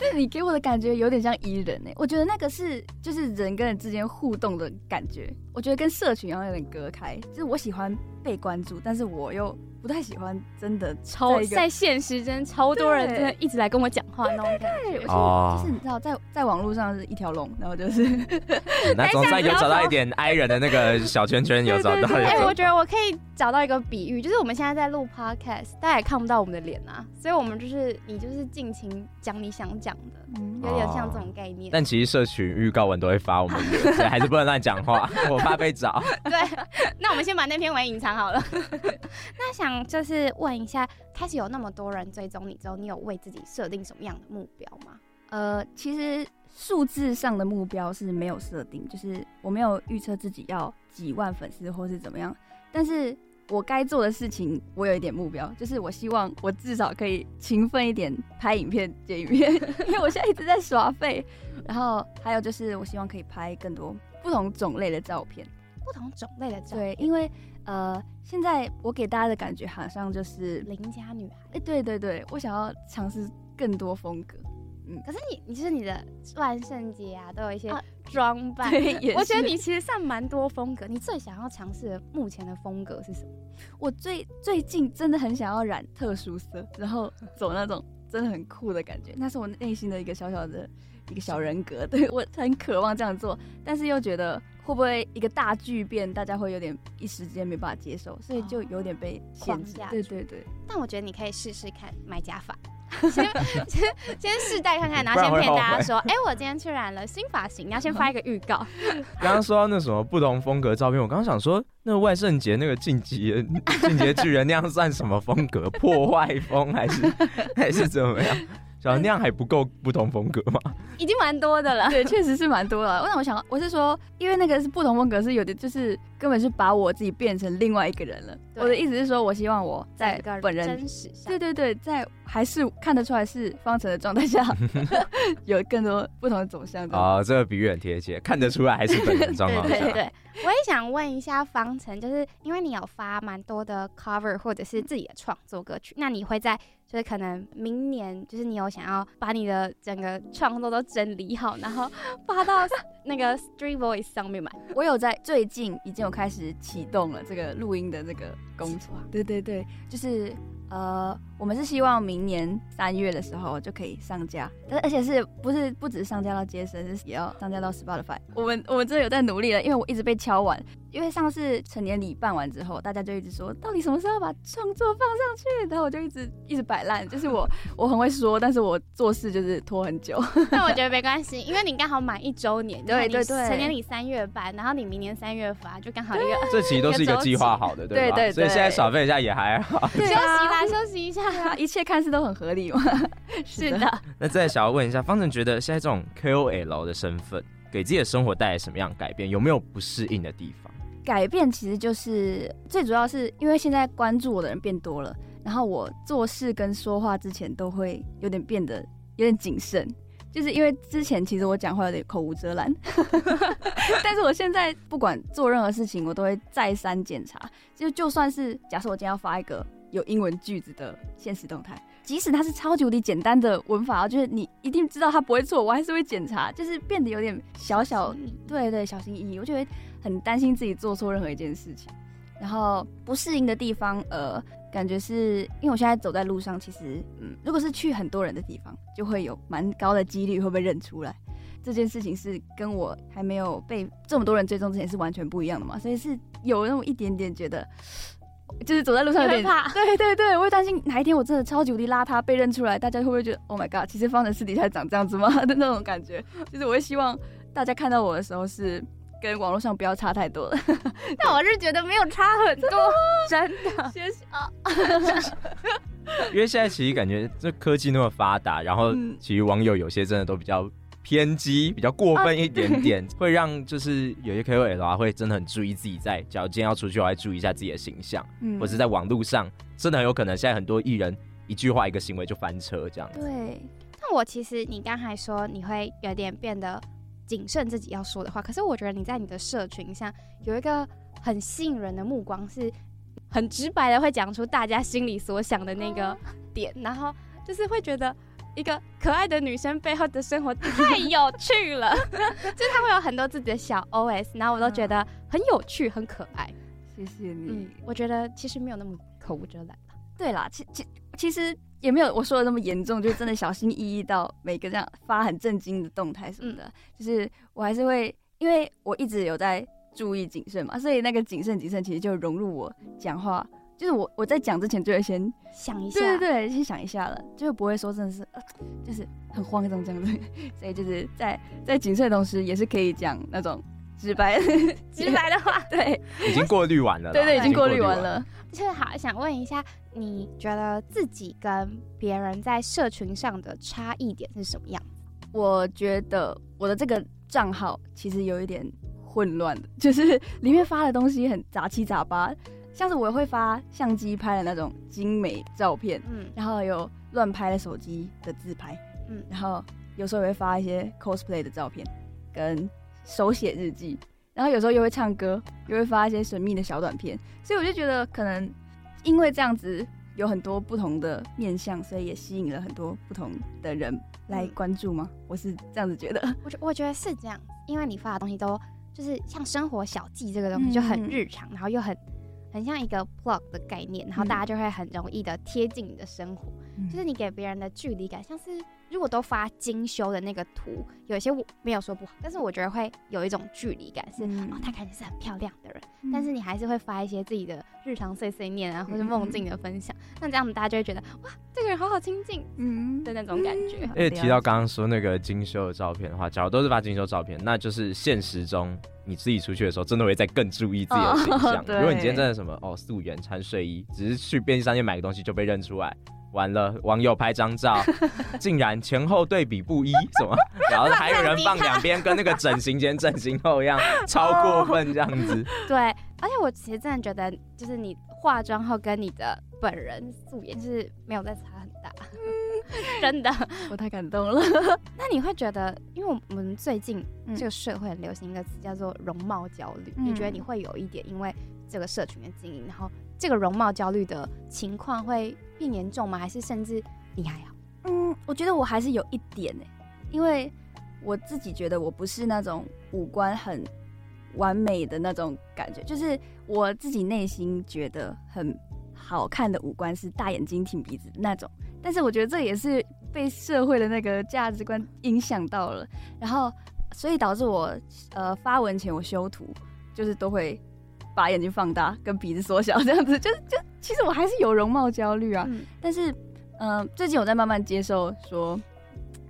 對 你給我的感覺有點像 E 人、欸、我覺得那個是就是人跟人之間互動的感覺，我覺得跟社群一樣有點隔開，就是我喜歡。被關注，但是我又不太喜歡。真的在一超在現實，真的超多人，真的一直來跟我講話那種感覺。對，對，對，哦、就是你知道，在在網絡上是一條龍，然後就是。 嗯、那總算有找到一點 i 人的那個小圈圈，有找 對對對對對到有。哎、欸，我覺得我可以找到一個比喻，就是我們現在在錄 podcast，大家也看不到我們的臉啊，所以我們就是你就是盡情講你想講的，嗯，有點像這種概念。哦、但其實社群預告文都會發我們的，所 以還是不能亂講話， 我怕被找。對。那我們先把那篇文隱藏好了。 那想就是問一下，開始有那麼多人追蹤你之後，你有為自己設定什麼樣的目標嗎？呃，其實數字上的目標是沒有設定，就是我沒有預測自己要幾萬粉絲或是怎麼樣。但是我該做的事情，我有一點目標，就是我希望我至少可以勤奮一點拍影片、剪影片， 因為我現在一直在耍廢。然後還有就是，我希望可以拍更多不同種類的照片。不同種類的對，因為呃，現在我給大家的感覺好像就是鄰家女孩。欸、對對對，我想要嘗試更多風格。嗯，可是你，你就是你的萬聖節啊，都有一些裝扮、啊。我覺得你其實算蠻多風格。你最想要嘗試的目前的風格是什麼？我最最近真的很想要染特殊色，然後走那種真的很酷的感覺。那是我內心的一個小小的。一個小人格對我很渴望這樣做，但是又覺得會不會一個大巨變，大家會有點一時間沒辦法接受，所以就有點被限制、哦、綁架。對對對。但我覺得你可以試試看買假髮， 先先先試戴看看，然後先騙大家說，哎、欸，我今天去染了新髮型，你要先發一個預告。剛 剛說到那什麼不同風格的照片，我剛剛想說，那萬聖節那個進擊進擊巨人那樣算什麼風格？ 破壞風還是 還是怎麼樣？想那樣還不夠不同風格嗎？ 已經蠻多的了，對，確 實是蠻多了。我怎麼想？我是說，因為那個是不同風格，是有的，就是。根本是把我自己變成另外一個人了。我的意思是說，我希望我在本人真實，對對對，在還是看得出來是方晨的狀態下， 有更多不同的走向。哦，這個比喻很貼切，看得出來還是本人狀態。 對，對對對，我也想問一下方晨，就是因為你有發蠻多的 cover 或者是自己的創作歌曲，那你會在就是可能明年，就是你有想要把你的整個創作都整理好，然後發到。 那個 StreetVoice 上面嘛，我有在最近已經有開始啟動了這個錄音的這個工作。對對對， 就是呃，我們是希望明年三月的時候就可以上架，但是而且是不是不只是上架到街聲，是也要上架到 Spotify。我們我們真的有在努力了，因為我一直被敲完。因為上次成年禮辦完之後，大家就一直說到底什麼時候把創作放上去，然後我就一直一直擺爛。就是我我很會說，但是我做事就是拖很久。那 我覺得沒關係，因為你剛好滿一週年，對對對，成年禮三月辦，然後你明年三月發，就剛好一個，一個週期，這其實都是一個計劃好的對吧？對對對。所以現在耍廢一下也還好。對對對 休息啦，休息一下啦， 一切看似都很合理嘛。是的。 是的 那再想要問一下，方晨覺得現在這種 KOL 的身份給自己的生活帶來什麼樣改變？有沒有不適應的地方？改變其實就是最主要是因為現在關注我的人變多了，然後我做事跟說話之前都會有點變得有點謹慎，就是因為之前其實我講話有點口無遮攔 但是我現在不管做任何事情，我都會再三檢查，就就算是假設我今天要發一個有英文句子的現實動態，即使它是超級無敵簡單的文法啊，就是你一定知道它不會錯，我還是會檢查，就是變得有點小小，對對，小心翼翼，我覺得。很擔心自己做錯任何一件事情，然後不適應的地方，呃，感覺是因為我現在走在路上，其實，嗯，如果是去很多人的地方，就會有蠻高的幾率會被認出來。這件事情是跟我還沒有被這麼多人追蹤之前是完全不一樣的嘛，所以是有那麼一點點覺得，就是走在路上有點害怕。對對對，我會擔心哪一天我真的超級無敵邋遢被認出來，大家會不會覺得 Oh my God，其實方晨私底下長這樣子嗎的那種感覺，就是我會希望大家看到我的時候是。跟網絡上不要差太多了， 但我是覺得沒有差很多，真的。謝謝啊， 因為現在其實感覺這科技那麼發達，然後其實網友有些真的都比較偏激、嗯，比較過分一點點，啊、會讓就是有些 KOL 的話會真的很注意自己在，假如今天要出去，我會注意一下自己的形象，嗯、或者在網絡上，真的很有可能現在很多藝人一句話一個行為就翻車這樣子。對，那我其實你剛才說你會有點變得。謹慎自己要說的話，可是我覺得你在你的社群上有一個很吸引人的目光，是很直白的會講出大家心裡所想的那個點、嗯，然後就是會覺得一個可愛的女生背後的生活太有趣了， 就她會有很多自己的小 OS，然後我都覺得很有趣，很可愛。謝謝你、嗯，我覺得其實沒有那麼口無遮攔了。對啦，其其其實。也沒有我說的那麼嚴重，就是真的小心翼翼到每個這樣發很震驚的動態什麼的，嗯，就是我還是會因為我一直有在注意謹慎嘛，所以那個謹慎謹慎其實就融入我講話，就是我我在講之前就會先想一下，對對對，先想一下了，就是不會說真的是，啊、就是很慌張這樣子，對，所以就是在在謹慎的同時也是可以講那種直白 直白的話， 對，已經過濾完了,了，對,對對，已經過濾完了。就是好想問一下，你覺得自己跟別人在社群上的差異點是什麼樣？我覺得我的這個賬號其實有一點混亂的，就是裡面發的東西很雜七雜八，像是我會發相機拍的那種精美照片，嗯，然後有亂拍的手機的自拍，嗯，然後有時候也會發一些 cosplay 的照片跟手寫日記。然後有時候又會唱歌，又會發一些神秘的小短片，所以我就覺得可能因為這樣子有很多不同的面向，所以也吸引了很多不同的人來關注嗎？嗯、我是這樣子覺得。我覺得我覺得是這樣，因為你發的東西都就是像生活小記這個東西就很日常，嗯、然後又很很像一個 plog 的概念，然後大家就會很容易的貼近你的生活。嗯就是你給別人的距離感，像是如果都發精修的那個圖，有一些我沒有說不好，但是我覺得會有一種距離感是，是、嗯、哦，他看起來是很漂亮的人、嗯，但是你還是會發一些自己的日常碎碎念啊，或是夢境的分享，嗯、那這樣子大家就會覺得哇，這個人好好親近，嗯的那種感覺。而且、嗯、提到剛剛說那個精修的照片的話，假如都是發精修照片，那就是現實中你自己出去的時候，真的會再更注意自己的形象、哦。如果你今天真的什麼哦素顏穿睡衣，只是去便利商店買個東西就被認出來。完了，網友拍張照， 竟然前後對比不一， 什麼？然後還有人放兩邊 跟那個整形前、 整形後一樣，超過分這樣子、哦。對，而且我其實真的覺得，就是你化妝後跟你的本人素顏是沒有在差很大，嗯、 真的。我太感動了。 那你會覺得，因為我們最近這個社會很流行一個詞叫做容貌焦慮，你、嗯、覺得你會有一點，因為這個社群的經營，然後？這個容貌焦慮的情況會變嚴重嗎？還是甚至你還好？嗯，我覺得我還是有一點呢、欸，因為我自己覺得我不是那種五官很完美的那種感覺，就是我自己內心覺得很好看的五官是大眼睛、挺鼻子的那種，但是我覺得這也是被社會的那個價值觀影響到了，然後所以導致我呃發文前我修圖，就是都會。把眼睛放大，跟鼻子縮小，這樣子就是就其實我還是有容貌焦慮啊、嗯。但是，嗯、呃，最近我在慢慢接受說，說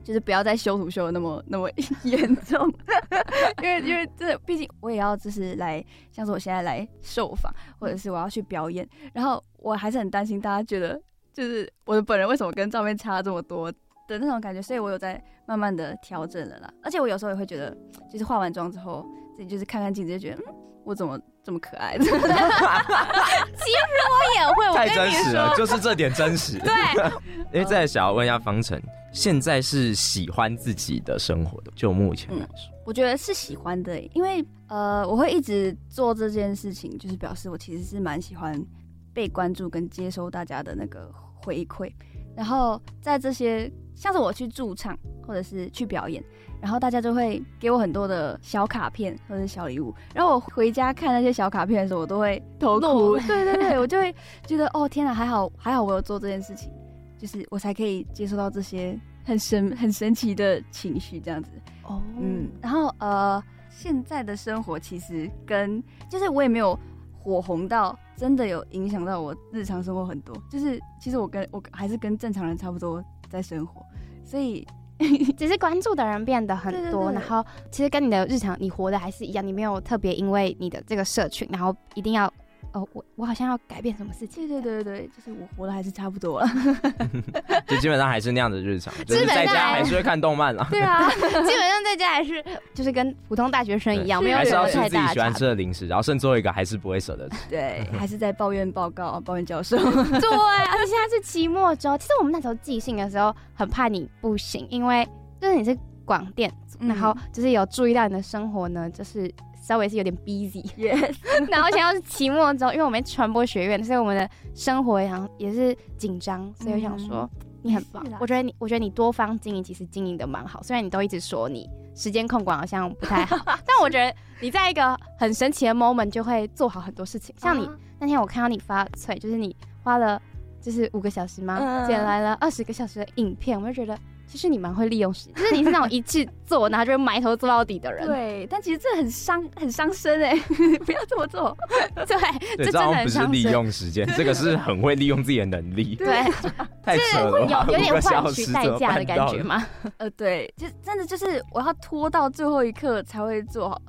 就是不要再修圖修的那麼那麼嚴重。 因，因為因為這畢竟我也要就是來，像是我現在來受訪或者是我要去表演，嗯、然後我還是很擔心大家覺得就是我的本人為什麼跟照片差這麼多的那種感覺，所以我有在慢慢的調整了啦。而且我有時候也會覺得，就是化完妝之後自己就是看看鏡子，就覺得嗯，我怎麼。這麼可愛，其實我也會。太真實了，就是這點真實。對，為、欸、再想要問一下方晨，現在是喜歡自己的生活的？就目前來說，嗯、我覺得是喜歡的，因為呃，我會一直做這件事情，就是表示我其實是蠻喜歡被關注跟接收大家的那個回饋，然後在這些像是我去駐唱或者是去表演。然後大家就會給我很多的小卡片或者小禮物，然後我回家看那些小卡片的時候，我都會偷哭。對對對，對，我就會覺得哦，天哪，還好還好，我有做這件事情，就是我才可以接受到這些很神很神奇的情緒，這樣子。哦，嗯，然後呃，現在的生活其實跟就是我也沒有火紅到，真的有影響到我日常生活很多。就是其實我跟我還是跟正常人差不多在生活，所以。 只是關注的人變得很多，然後其實跟你的日常，你活的還是一樣，你沒有特別因為你的這個社群，然後一定要。哦，我我好像要改變什麼事情、啊？對對對對，就是我活的還是差不多了， 就基本上還是那樣的日常，就是在家還是會看動漫了。對啊， 基本上在家還是就是跟普通大學生一樣，沒有。還是要吃自己喜歡吃的零食、啊的，然後剩最後一個還是不會捨得吃。 對，還是在抱怨報告、啊，抱怨教授。 對、啊，而且現在是期末週，其實我們那時候寄信的時候很怕你不行，因為就是你是廣電、嗯，然後就是有注意到你的生活呢，就是。稍微是有點 busy，、yes、 然後想要是期末之後，因為我們傳播學院，所以我們的生活也好像也是緊張，所以我想說、嗯、你很棒。我覺得你，我覺得你多方經營，其實經營的蠻好。雖然你都一直說你時間控管好像不太好， 但我覺得你在一個很神奇的 moment 就會做好很多事情。 像你那天我看到你發脆，就是你花了就是五個小時嗎？剪來了二十個小時的影片，我就覺得。其實你蠻會利用時間， 就是你是那種一氣做，然後就會埋頭做到底的人。 對，但其實這很傷，很傷身哎、欸， 不要這麼做 對。對，這真的很傷身。是利用時間，這個是很會利用自己的能力。對， 就太扯了， 有點換取代價的感覺嗎？ 呃，對，就真的就是我要拖到最後一刻才會做好。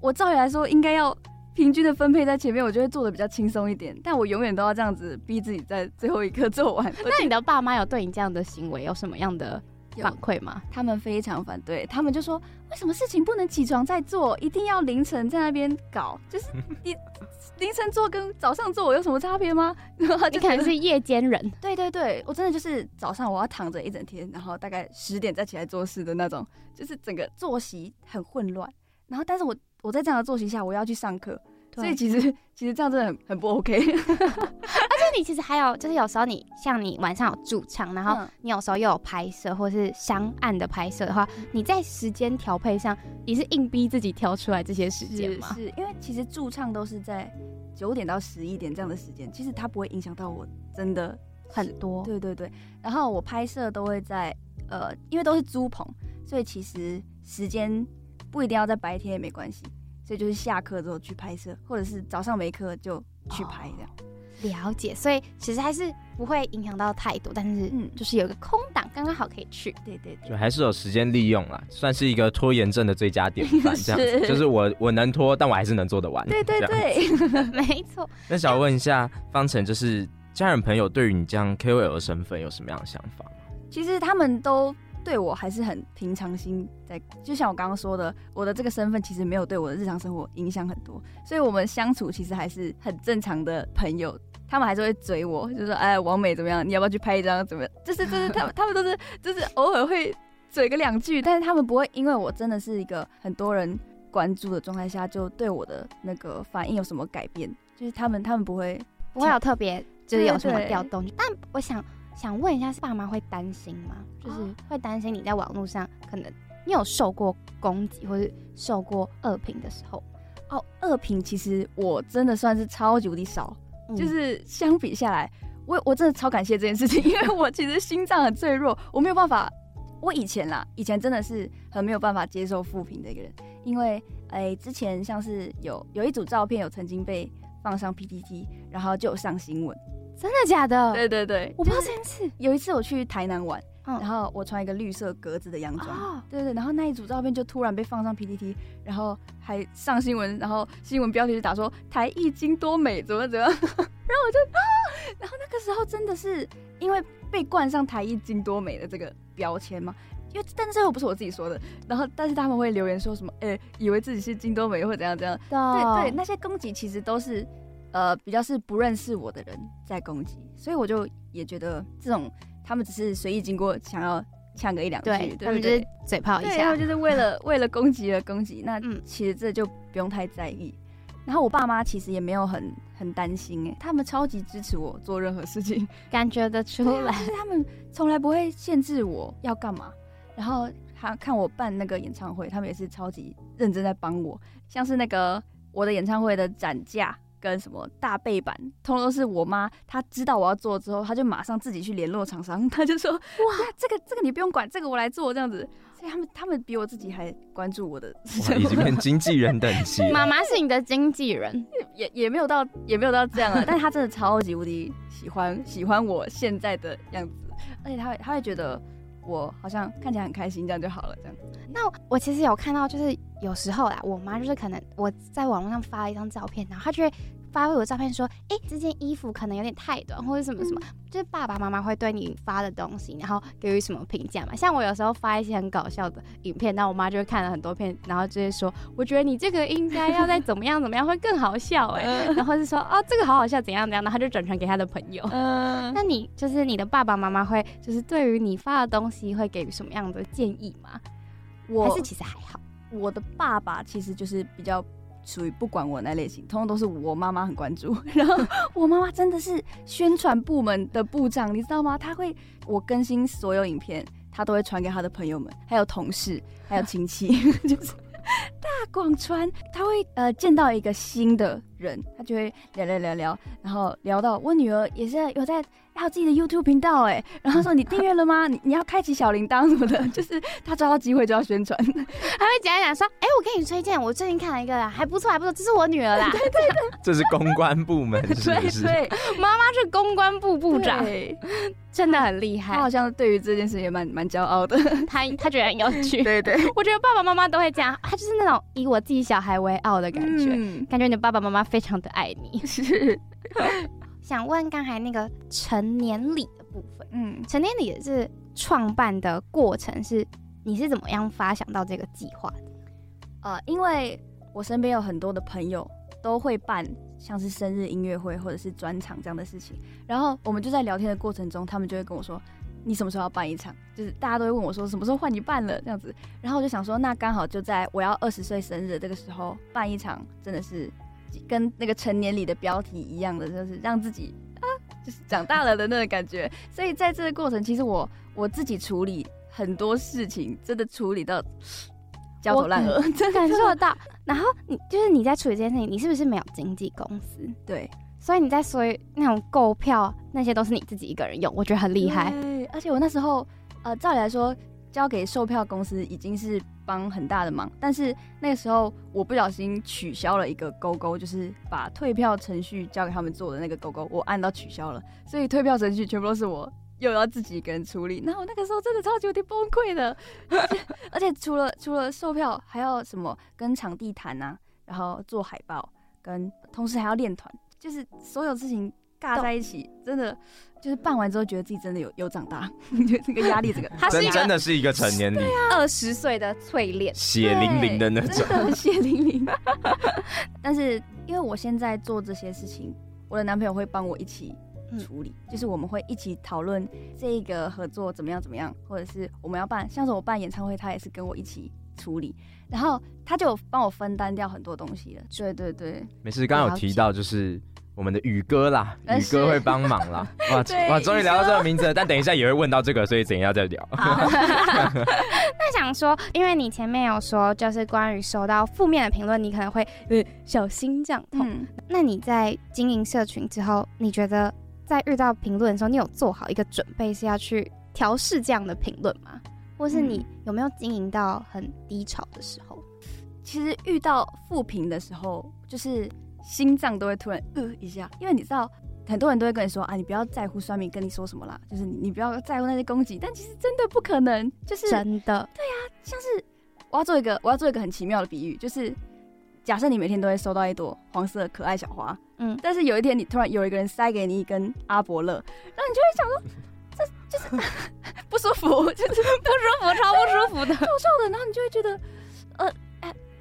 我照理來說，應該要平均的分配在前面，我就會做的比較輕鬆一點。但我永遠都要這樣子逼自己在最後一刻做完。那你，你的爸媽有對你這樣的行為有什麼樣的？反饋嘛，他們非常反對，他們就說：為什麼事情不能起床再做，一定要凌晨在那邊搞？就是你凌晨做跟早上做，我有什麼差別嗎？你可能是夜間人。對對對，我真的就是早上我要躺着一整天，然後大概十點再起來做事的那種，就是整個作息很混亂。然後，但是我我在這樣的作息下，我要去上課。所以其實其實這樣真的很很不 OK， 而且你其實還有就是有時候你像你晚上有駐唱，然後你有時候又有拍攝或是商案的拍攝的話，你在時間調配上你是硬逼自己挑出來這些時間嗎？是？是，因為其實駐唱都是在九點到十一點這樣的時間，其實它不會影響到我真的很多，很多。對對對，然後我拍攝都會在呃，因為都是租棚，所以其實時間不一定要在白天也沒關係。所以就是下課之後去拍攝，或者是早上沒課就去拍這樣。哦，了解，所以其實還是不會影響到太多，但是嗯，就是有個空檔，剛剛好可以去。對對對，就還是有時間利用啦，算是一個拖延症的最佳典範。這樣子，就是我我能拖，但我還是能做得完。對對對，呵呵沒錯。那想要問一下方晨，就是家人朋友對於你這樣 KOL 的身份有什麼樣的想法？其實他們都。對我還是很平常心，在就像我剛剛說的，我的這個身份其實沒有對我的日常生活影響很多，所以我們相處其實還是很正常的朋友。他們還是會嘴我，就是說哎，王美怎麼樣？你要不要去拍一張？怎麼樣？就是就是，他們他們都是就是偶爾會嘴個兩句，但是他們不會因為我真的是一個很多人關注的狀態下，就對我的那個反應有什麼改變，就是他們他們不會不會有特別就是有什麼調動，對對但我想想問一下，是爸媽會擔心嗎？就是會擔心你在網絡上可能你有受過攻擊或是受過惡評的時候。哦，惡評其實我真的算是超級無敵少、嗯，就是相比下來，我我真的超感謝這件事情， 因為我其實心臟很脆弱，我沒有辦法。我以前啦，以前真的是很沒有辦法接受負評的一個人，因為哎、欸、之前像是有有一組照片有曾經被放上 PTT，然後就有上新聞。真的假的？對對對，就是、我不知道上次有一次我去台南玩、嗯，然後我穿一個綠色格子的洋裝、哦，對對，然後那一組照片就突然被放上 PTT，然後還上新聞，然後新聞標題就打說“台藝金多美”怎麼怎麼， 然後我就，啊，然後那個時候真的是因為被冠上“台藝金多美”的這個標籤嘛，因為但是又不是我自己說的，然後但是他們會留言說什麼，哎，以為自己是金多美或者怎樣怎樣，對對,對，那些攻擊其實都是。呃，比較是不認識我的人在攻擊，所以我就也覺得這種他們只是隨意經過，想要嗆個一兩句，對，對，對，他們就是嘴炮一下，然後就是為了 為了攻擊而攻擊。那其實這就不用太在意。嗯、然後我爸媽其實也沒有很很擔心哎、欸，他們超級支持我做任何事情，感覺得出來，他們從來不會限制我要幹嘛。然後他看我辦那個演唱會，他們也是超級認真在幫我，像是那個我的演唱會的展架。跟什麼大背板，通通都是我媽。她知道我要做之後，她就馬上自己去聯絡廠商。她就說：“哇，這個這個你不用管，這個我來做這樣子。”所以他們他們比我自己還關注我的。已經變經紀人等級。媽媽是你的經紀人？也也沒有到也沒有到這樣了。但是她真的超級無敵喜歡喜歡我現在的樣子，而且她她會覺得。我好像看起來很開心，這樣就好了，這樣。那我，我其實有看到，就是有時候啦，我媽就是可能我在網絡上發了一張照片，然後她覺得。發我的照片說，哎、欸，這件衣服可能有點太短，或者什麼什麼，嗯、就是爸爸媽媽會對你發的東西，然後給予什麼評價嘛？像我有時候發一些很搞笑的影片，那我媽就會看了很多片，然後就會說，我覺得你這個應該要再怎麼樣怎麼樣 會更好笑哎、欸嗯，然後是說，哦，這個好好笑，怎樣怎樣，然後他就轉傳給他的朋友。嗯，那你就是你的爸爸媽媽會，就是對於你發的東西，會給予什麼樣的建議嗎？我還是其實還好，我的爸爸其實就是比較。屬於不管我那類型，通通都是我媽媽很關注。然後我媽媽真的是宣傳部門的部長，你知道嗎？她會我更新所有影片，她都會傳給她的朋友們、還有同事、還有親戚， 就是大廣傳。她會呃見到一個新的人，她就會聊聊聊聊，然後聊到我女兒也是有在。還有自己的 YouTube 頻道哎，然後說，你訂閱了嗎？ 你你要開啟小鈴鐺什麼的，就是他抓到機會就要宣傳， 還會講一講說，哎、欸，我給你推薦，我最近看了一個還不錯，還不錯，這是我女兒啦。對 對，這是公關部門是不是？ 對對，媽媽是公關部部長，真的很厲害。他好像對於這件事也蠻蠻驕傲的，他他覺得很有趣。 對，對對，我覺得爸爸媽媽都會這樣，他就是那種以我自己小孩為傲的感覺，嗯、感覺你的爸爸媽媽非常的愛你。是。 想問剛才那個晨年禮的部分，嗯，晨年禮的是創辦的過程是你是怎麼樣發想到這個計劃的？呃，因為我身邊有很多的朋友都會辦像是生日音樂會或者是專場這樣的事情，然後我們就在聊天的過程中，他們就會跟我說，你什麼時候要辦一場？就是大家都會問我說什麼時候換你辦了這樣子，然後我就想說，那剛好就在我要二十歲生日的這個時候辦一場，真的是。跟那個晨年禮的標題一樣的，就是讓自己啊，就是長大了的那種感覺。所以在這個過程，其實我我自己處理很多事情，真的處理到焦頭爛額。真感受到。 然後你就是你在處理這件事情，你是不是沒有經紀公司？對，所以你在說那種購票那些都是你自己一個人用，我覺得很厲害。對、yeah，而且我那時候呃，照理來說。交給售票公司已經是幫很大的忙，但是那個時候我不小心取消了一個勾勾，就是把退票程序交給他們做的那個勾勾，我按到取消了，所以退票程序全部都是我又要自己一個人處理。那我那個時候真的超級有點崩潰的， 而且除了除了售票，還要什麼跟場地談啊，然後做海報，跟同時還要練團，就是所有事情。尬在一起，真的就是辦完之後覺得自己真的有有長大。你 覺得這個壓力，這個 他一個 真的是一個成年禮，對呀，二十歲的淬煉，血淋淋的那種，血淋淋。 但是因為我現在做這些事情，我的男朋友會幫我一起處理、嗯，就是我們會一起討論這個合作怎麼樣怎麼樣，或者是我們要辦，像是我辦演唱會，他也是跟我一起處理，然後他就幫我分擔掉很多東西了。對對對，沒事。剛剛有提到就是。我們的宇哥啦，宇哥會幫忙啦。哇哇，終於聊到這個名字了，但等一下也會問到這個，所以等一下再聊。 那想說，因為你前面有說，就是關於收到負面的評論，你可能會、嗯、小心這樣、嗯。那你在經營社群之後，你覺得在遇到評論的時候，你有做好一個準備是要去調適這樣的評論嗎？或是你有沒有經營到很低潮的時候？嗯、其實遇到負評的時候，就是。心臟都會突然呃一下，因為你知道，很多人都會跟你說啊，你不要在乎酸民跟你說什麼啦，就是你，你不要在乎那些攻擊，但其實真的不可能，就是真的，對呀、啊，像是我要做一個，我要做一個很奇妙的比喻，就是假設你每天都會收到一朵黃色可愛小花，嗯，但是有一天你突然有一個人塞給你一根阿勃勒、嗯、然後你就會想說，這就是 不舒服，就是不舒服，超、 啊、不舒服的，難受、啊、的，然後你就會覺得，呃。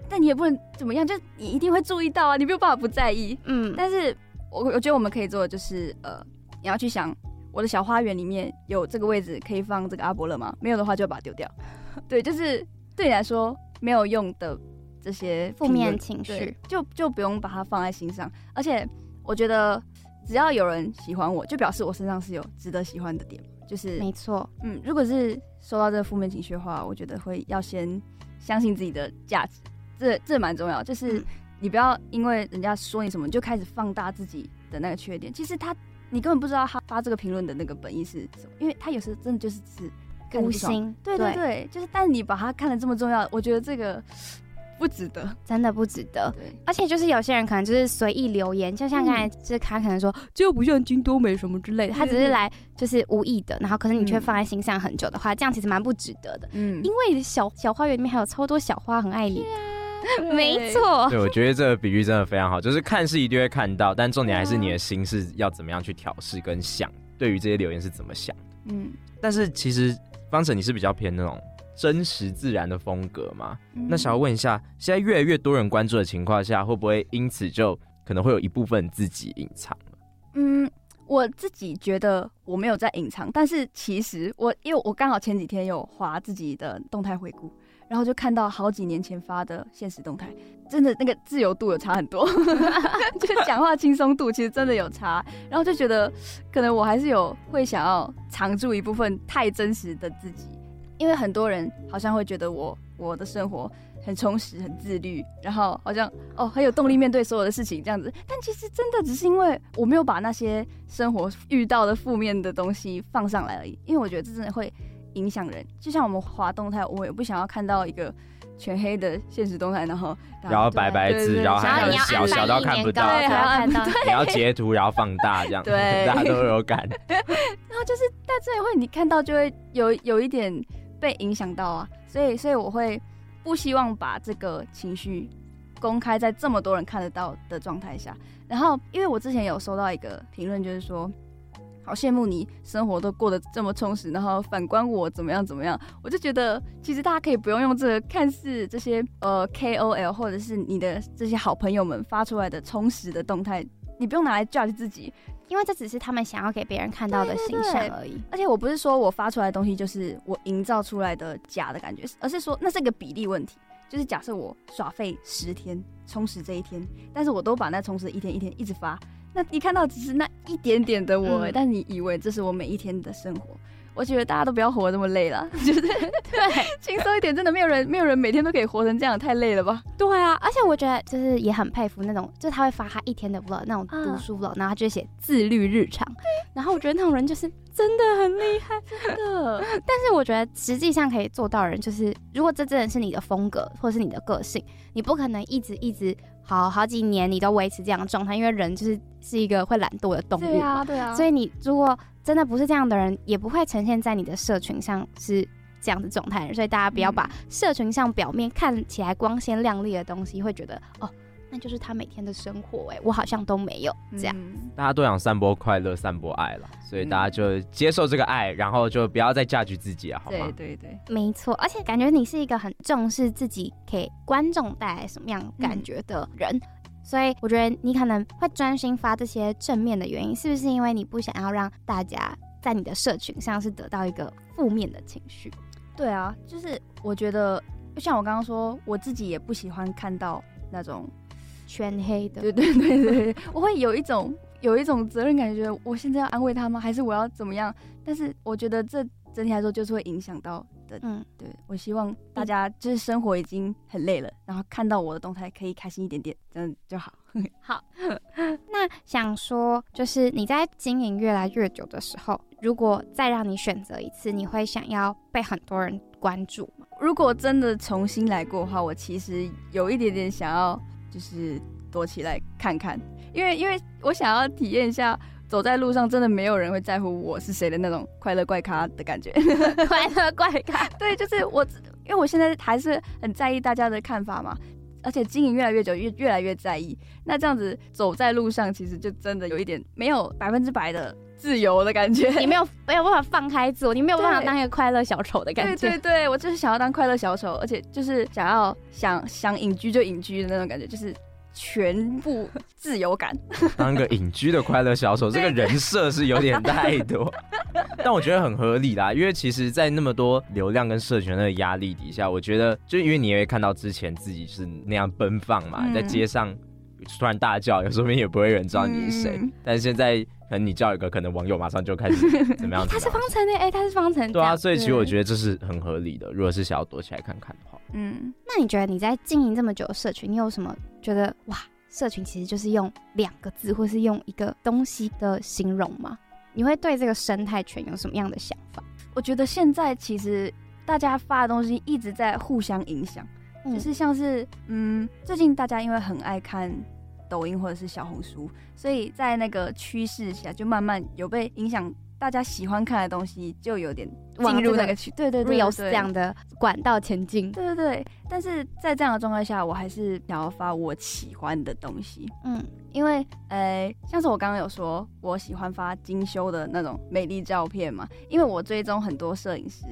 但你也不能怎麼樣，就你一定會注意到啊，你沒有辦法不在意。嗯，但是我我覺得我們可以做的，就是呃，你要去想，我的小花園裡面有這個位置可以放這個阿勃勒嗎？沒有的話，就把它丟掉。 對，就是對你來說沒有用的這些負面情緒，就就不用把它放在心上。而且我覺得，只要有人喜歡我，就表示我身上是有值得喜歡的點，就是沒錯。嗯，如果是收到這個負面情緒的話，我覺得會要先相信自己的價值。這這蠻重要，就是你不要因為人家說你什麼，就開始放大自己的那個缺點。其實他，你根本不知道他發這個評論的那個本意是什麼，因為他有時候，真的就是只，無心。對對對，對，對，就是，但你把他看得這麼重要，我覺得這個不值得，真的不值得。對。而且就是有些人可能就是隨意留言，就像剛才就是他可能說，嗯、就不像金多美什麼之類的，他只是來就是無意的，然後可是你卻放在心上很久的話，嗯，這樣其實蠻不值得的。嗯。因為小小花園裡面還有超多小花很愛你。沒錯，對，我覺得這個比喻真的非常好，就是看是一定會看到，但重點還是你的心是要怎麼樣去調試跟想，對於這些留言是怎麼想的。嗯，但是其實方晨你是比較偏那種真實自然的風格嘛、嗯，那想要問一下，現在越來越多人關注的情況下，會不會因此就可能會有一部分自己隱藏了？嗯，我自己覺得我沒有在隱藏，但是其實我因為我剛好前幾天有滑自己的動態回顧。然後就看到好幾年前發的現實動態，真的那個自由度有差很多， 就是講話輕鬆度其實真的有差。然後就覺得，可能我還是有會想要藏住一部分太真實的自己，因為很多人好像會覺得我我的生活很充實、很自律，然後好像哦很有動力面對所有的事情這樣子。但其實真的只是因為我沒有把那些生活遇到的負面的東西放上來而已，因為我覺得這真的會。影響人，就像我們滑動態，我也不想要看到一個全黑的現實動態，然後然後白白字，然後還要，要小小到看不到，對、啊，要看到，你要截圖，然後放大這樣，對，大家都有感。 然後就是，在這裡會你看到就會有有一點被影響到啊，所以，所以我會不希望把這個情緒公開在這麼多人看得到的狀態下。然後，因為我之前有收到一個評論，就是說。好羨慕你生活都過得這麼充實，然後反觀我怎麼樣怎麼樣，我就覺得其實大家可以不用用這個看似這些呃 KOL 或者是你的這些好朋友們發出來的充實的動態，你不用拿來 judge 自己，因為這只是他們想要給別人看到的形象而已。而且我不是說我發出來的東西就是我營造出來的假的感覺，而是說那是一個比例問題。就是假設我耍廢十天充實這一天，但是我都把那充實一天一天一直發。你看到，只是那一點點的我，嗯，但你以為這是我每一天的生活？我覺得大家都不要活這麼累了，就是，對，輕 鬆一點，真的沒有人，沒有人每天都可以活成這樣，太累了吧？對啊，而且我覺得就是也很佩服那種，就他會發他一天的 vlog 那種讀書 vlog，啊，然後他就寫自律日常，嗯，然後我覺得那種人就是。真的很厲害，真的。 但是我覺得實際上可以做到的人，就是如果這真的是你的風格或者是你的個性，你不可能一直一直好好幾年你都維持這樣的狀態，因為人就是是一個會懶惰的動物。對啊，對啊。所以你如果真的不是這樣的人，也不會呈現在你的社群上是這樣的狀態。所以大家不要把社群上表面看起來光鮮亮麗的東西，會覺得哦。那就是他每天的生活哎、欸,我好像都沒有這樣。嗯、大家都想散播快樂、散播愛了，所以大家就接受這個愛，嗯、然後就不要再加劇自己了，好嗎？對對對，沒錯。而且感覺你是一個很重視自己給觀眾帶來什麼樣感覺的人、嗯，所以我覺得你可能會專心發這些正面的原因，是不是因為你不想要讓大家在你的社群上是得到一個負面的情緒？對啊，就是我覺得，就像我剛剛說，我自己也不喜歡看到那種。全黑的，對對對對，我會有一種有一種責任感覺，我現在要安慰他嗎？還是我要怎麼樣？但是我覺得這整體來說就是會影響到的。嗯，對，我希望大家就是生活已經很累了，嗯、然後看到我的動態可以開心一點點，這樣就好。 好，那想說就是你在經營越來越久的時候，如果再讓你選擇一次，你會想要被很多人關注嗎？如果真的重新來過的話，我其實有一點點想要。就是躲起來看看，因為因為我想要體驗一下走在路上真的沒有人會在乎我是誰的那種快樂怪咖的感覺，快樂怪咖，對，就是我，因為我現在還是很在意大家的看法嘛。而且經營越來越久，越越來越在意。那這樣子走在路上，其實就真的有一點沒有百分之百的自由的感覺。你沒有沒有辦法放開自我，你沒有辦法當一個快樂小丑的感覺。對對對，我就是想要當快樂小丑，而且就是想要想想隱居就隱居的那種感覺，就是。全部自由感， 當一個隱居的快樂小丑，這個人設是有點太多， 但我覺得很合理啦，因為其實，在那麼多流量跟社群的壓力底下，我覺得，就因為你也會看到之前自己是那樣奔放嘛，嗯、在街上。突然大叫，有時候，也不會有人知道你是誰、嗯。但現在，可能你叫一個，可能網友馬上就開始怎麼樣，怎麼樣 他、欸？他是方晨的哎，他是方晨。對啊，所以其實我覺得這是很合理的。如果是想要躲起來看看的話，嗯，那你覺得你在經營這麼久的社群，你有什麼覺得哇？社群其實就是用兩個字，或是用一個東西的形容嗎？你會對這個生態圈有什麼樣的想法？我覺得現在其實大家發的東西一直在互相影響。就是像是嗯，最近大家因為很愛看抖音或者是小紅書，所以在那個趨勢下，就慢慢有被影響。大家喜歡看的東西，就有點進入那個去、這個、對對對，對，對，對這樣的管道前進。對對對，但是在這樣的狀態下，我還是想要發我喜歡的東西。嗯，因為呃、欸，像是我剛剛有說我喜歡發精修的那種美麗照片嘛，因為我追蹤很多攝影師。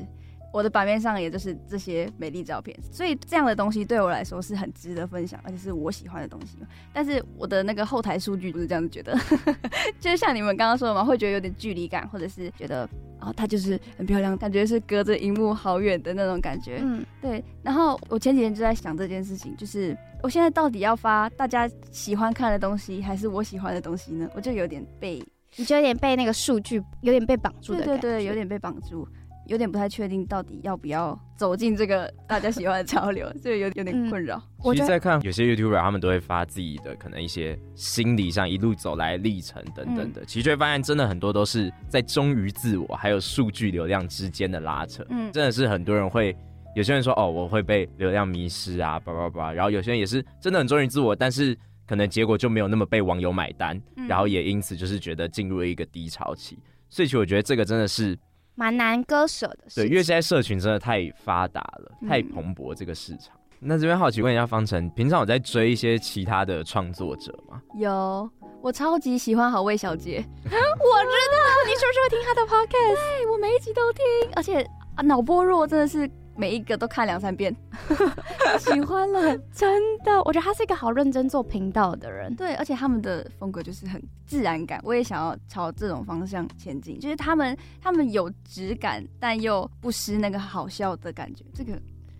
我的版面上也就是這些美麗照片，所以這樣的東西對我來說是很值得分享，而且是我喜歡的東西。但是我的那個後台數據不是這樣子覺得， 就是像你們剛剛說的嘛，會覺得有點距離感，或者是覺得啊、哦，它就是很漂亮，感覺是隔着熒幕好遠的那種感覺。嗯，對。然後我前幾天就在想這件事情，就是我現在到底要發大家喜歡看的東西，還是我喜歡的東西呢？我就有點被，你就有點被那個數據有點被綁住的感覺對，對對，有點被綁住。有點不太確定到底要不要走進這個大家喜歡的潮流， 所以有有點困擾。我、嗯、其實在看有些 YouTuber，他們都會發自己的可能一些心理上一路走來歷程等等的，嗯、其實會發現真的很多都是在忠於自我，還有數據流量之間的拉扯。嗯，真的是很多人會，有些人說哦，我會被流量迷失啊，叭叭叭。然後有些人也是真的很忠於自我，但是可能結果就沒有那麼被網友買單，嗯、然後也因此就是覺得進入了一個低潮期。所以其實我覺得這個真的是，蠻難割捨的事情，對，因為現在社群真的太發達了、嗯，太蓬勃這個市場。那這邊好奇問一下方晨，平常有在追一些其他的創作者嗎？有，我超級喜歡好味小姐， 我知道，你是不是會聽她的 podcast？對，我每一集都聽，而且啊、腦波弱真的是。每一個都看兩三遍 喜歡了，真的。我覺得他是一個好認真做頻道的人，對，而且他們的風格就是很自然感。我也想要朝這種方向前進，就是他們，他們有質感，但又不失那個好笑的感覺，這個。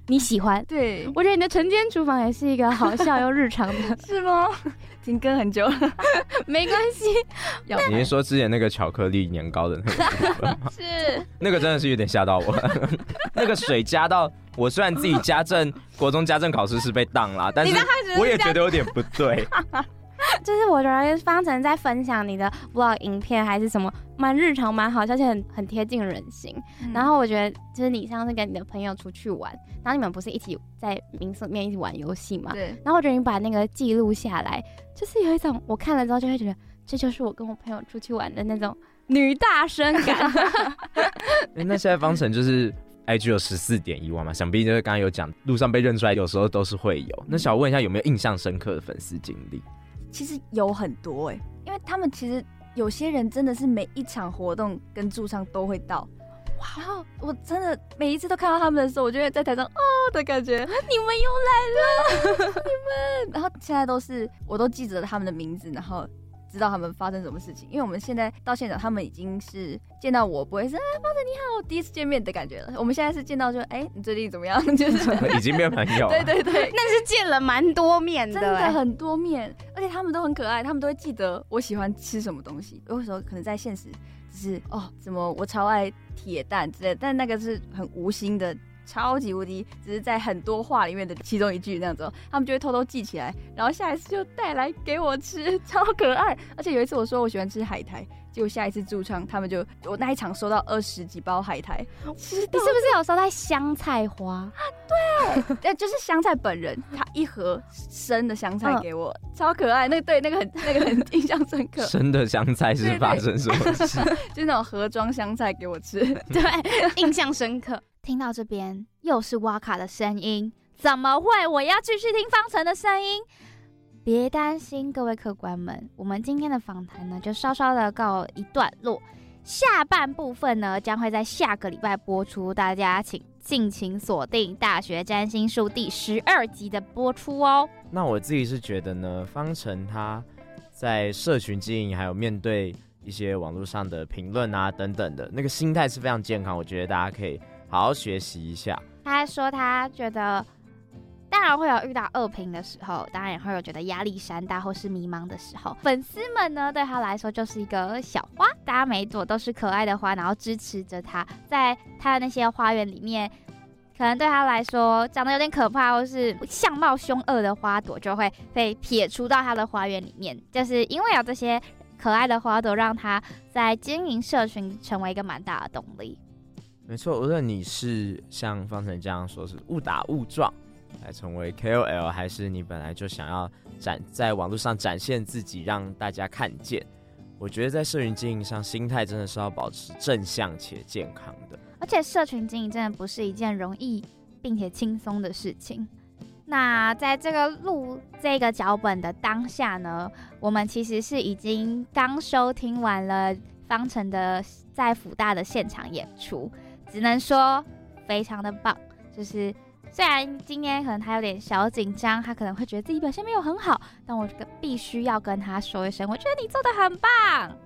你喜歡？對，我覺得你的晨間廚房也是一個好笑又日常的。 是嗎？已經跟很久了， 沒關係。你說之前那個巧克力年糕的那個， 是那個真的是有點嚇到我， 那個水加到我雖然自己家政， 國中家政考試是被當了，但是我也覺得有點不對。 就是我覺得方晨在分享你的 Vlog 影片，還是什麼，蠻日常蠻好，而且很很貼近人心，嗯。然後我覺得就是你像是跟你的朋友出去玩，然後你們不是一起在民宿面一起玩遊戲嘛？對。然後我覺得你把那個記錄下來，就是有一種我看了之後就會覺得這就是我跟我朋友出去玩的那種女大生感。哎 欸，那現在方晨就是 I G 有十四點一萬嘛，想必就是剛剛有講路上被認出來，有時候都是會有。那想問一下有沒有印象深刻的粉絲經歷？其實有很多哎、欸，因為他們其實有些人真的是每一場活動跟助唱都會到，哇、wow！然後我真的每一次都看到他們的時候，我就會在台上哦的感覺， 你們又來了， 你們。然後現在都是我都記着他們的名字，然後。知道他們發生什麼事情，因為我們現在到現場，他們已經是見到我不會是啊，方晨你好，我第一次見面的感覺了。我們現在是見到就哎、欸，你最近怎麼樣？就是 已經變朋友，對對對，那是見了蠻多面的，真的很多面，而且他們都很可愛，他們都會記得我喜歡吃什麼東西。有時候可能在現實就是哦，怎麼我超愛鐵蛋之類的，但那個是很無心的。超級無敵，只是在很多話裡面的其中一句那樣子，他們就會偷偷記起來，然後下一次就帶來給我吃，超可愛。而且有一次我說我喜歡吃海苔，結果下一次駐唱他們就我那一場收到二十幾包海苔，你是不是有收到香菜花？啊對，啊、 對，就是香菜本人，他一盒生的香菜給我，嗯、超可愛。那個、對那個很那個很印象深刻。生的香菜是發生什麼事？對對對 就是那種盒裝香菜給我吃，對， 印象深刻。聽到這邊又是哇卡的聲音，怎麼會？我要繼續聽方晨的聲音。別擔心，各位客官們，我們今天的訪談呢，就稍稍的告一段落，下半部分呢將會在下個禮拜播出，大家請盡情鎖定《大學占心術》第十二集的播出哦。那我自己是覺得呢，方晨他在社群經營，還有面對一些網絡上的評論啊等等的那個心態是非常健康，我覺得大家可以。好好學習一下。他還說：“他覺得，當然會有遇到惡評的時候，當然也會有覺得壓力山大或是迷茫的時候。粉絲們呢，對他來說就是一個小花，大家每一朵都是可愛的花，然後支持着他在他的那些花園裡面。可能對他來說，長得有點可怕或是相貌兇惡的花朵，就會被撇出到他的花園裡面。就是因為有這些可愛的花朵，讓他在經營社群成為一個蠻大的動力。”沒錯，無論你是像方晨這樣說是誤打誤撞來成為 KOL，還是你本來就想要展在網絡上展現自己，讓大家看見，我覺得在社群經營上，心態真的是要保持正向且健康的。而且社群經營真的不是一件容易並且輕鬆的事情。那在這個錄這個腳本的當下呢，我們其實是已經剛收聽完了方晨的在輔大的現場演出。只能說非常的棒，就是雖然今天可能他有點小緊張，他可能會覺得自己表現沒有很好，但我這個必須要跟他說一聲，我覺得你做得很棒。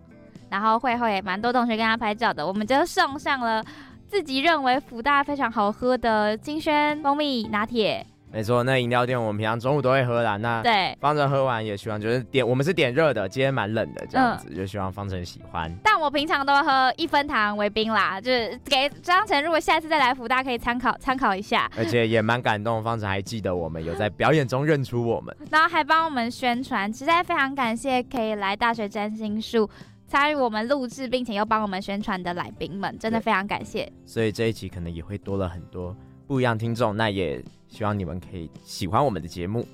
然後會後也蠻多同學跟他拍照的，我們就送上了自己認為福大非常好喝的金萱蜂蜜拿鐵。沒錯，那飲、個、料店我們平常中午都會喝啦。那對方晨喝完也希望就是點，我們是點熱的，今天蠻冷的這樣子、嗯，就希望方晨喜歡。但我平常都喝一分糖微冰啦，就是給方晨，如果下次再來輔大，大家可以參考參考一下。而且也蠻感動， 方晨還記得我們有在表演中認出我們，然後還幫我們宣傳，實在非常感謝可以來大學占心術參與我們錄製，並且又幫我們宣傳的來賓們，真的非常感謝。所以這一集可能也會多了很多。不一樣聽眾，那也希望你們可以喜歡我們的節目。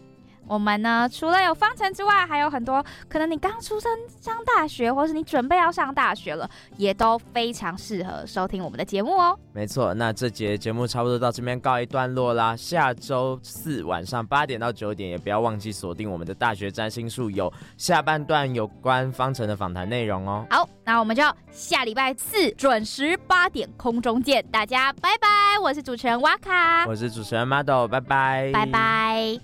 我們呢，除了有方晨之外，還有很多可能，你剛出生上大學，或是你準備要上大學了，也都非常適合收聽我們的節目哦。沒錯，那這節節目差不多到這邊告一段落啦。下周四晚上八點到九點，也不要忘記鎖定我們的《大學占心術》，有下半段有關方晨的訪談內容哦。好，那我們就要下禮拜四準時八點空中見，大家拜拜！我是主持人瓦卡，我是主持人馬豆，拜拜，拜拜。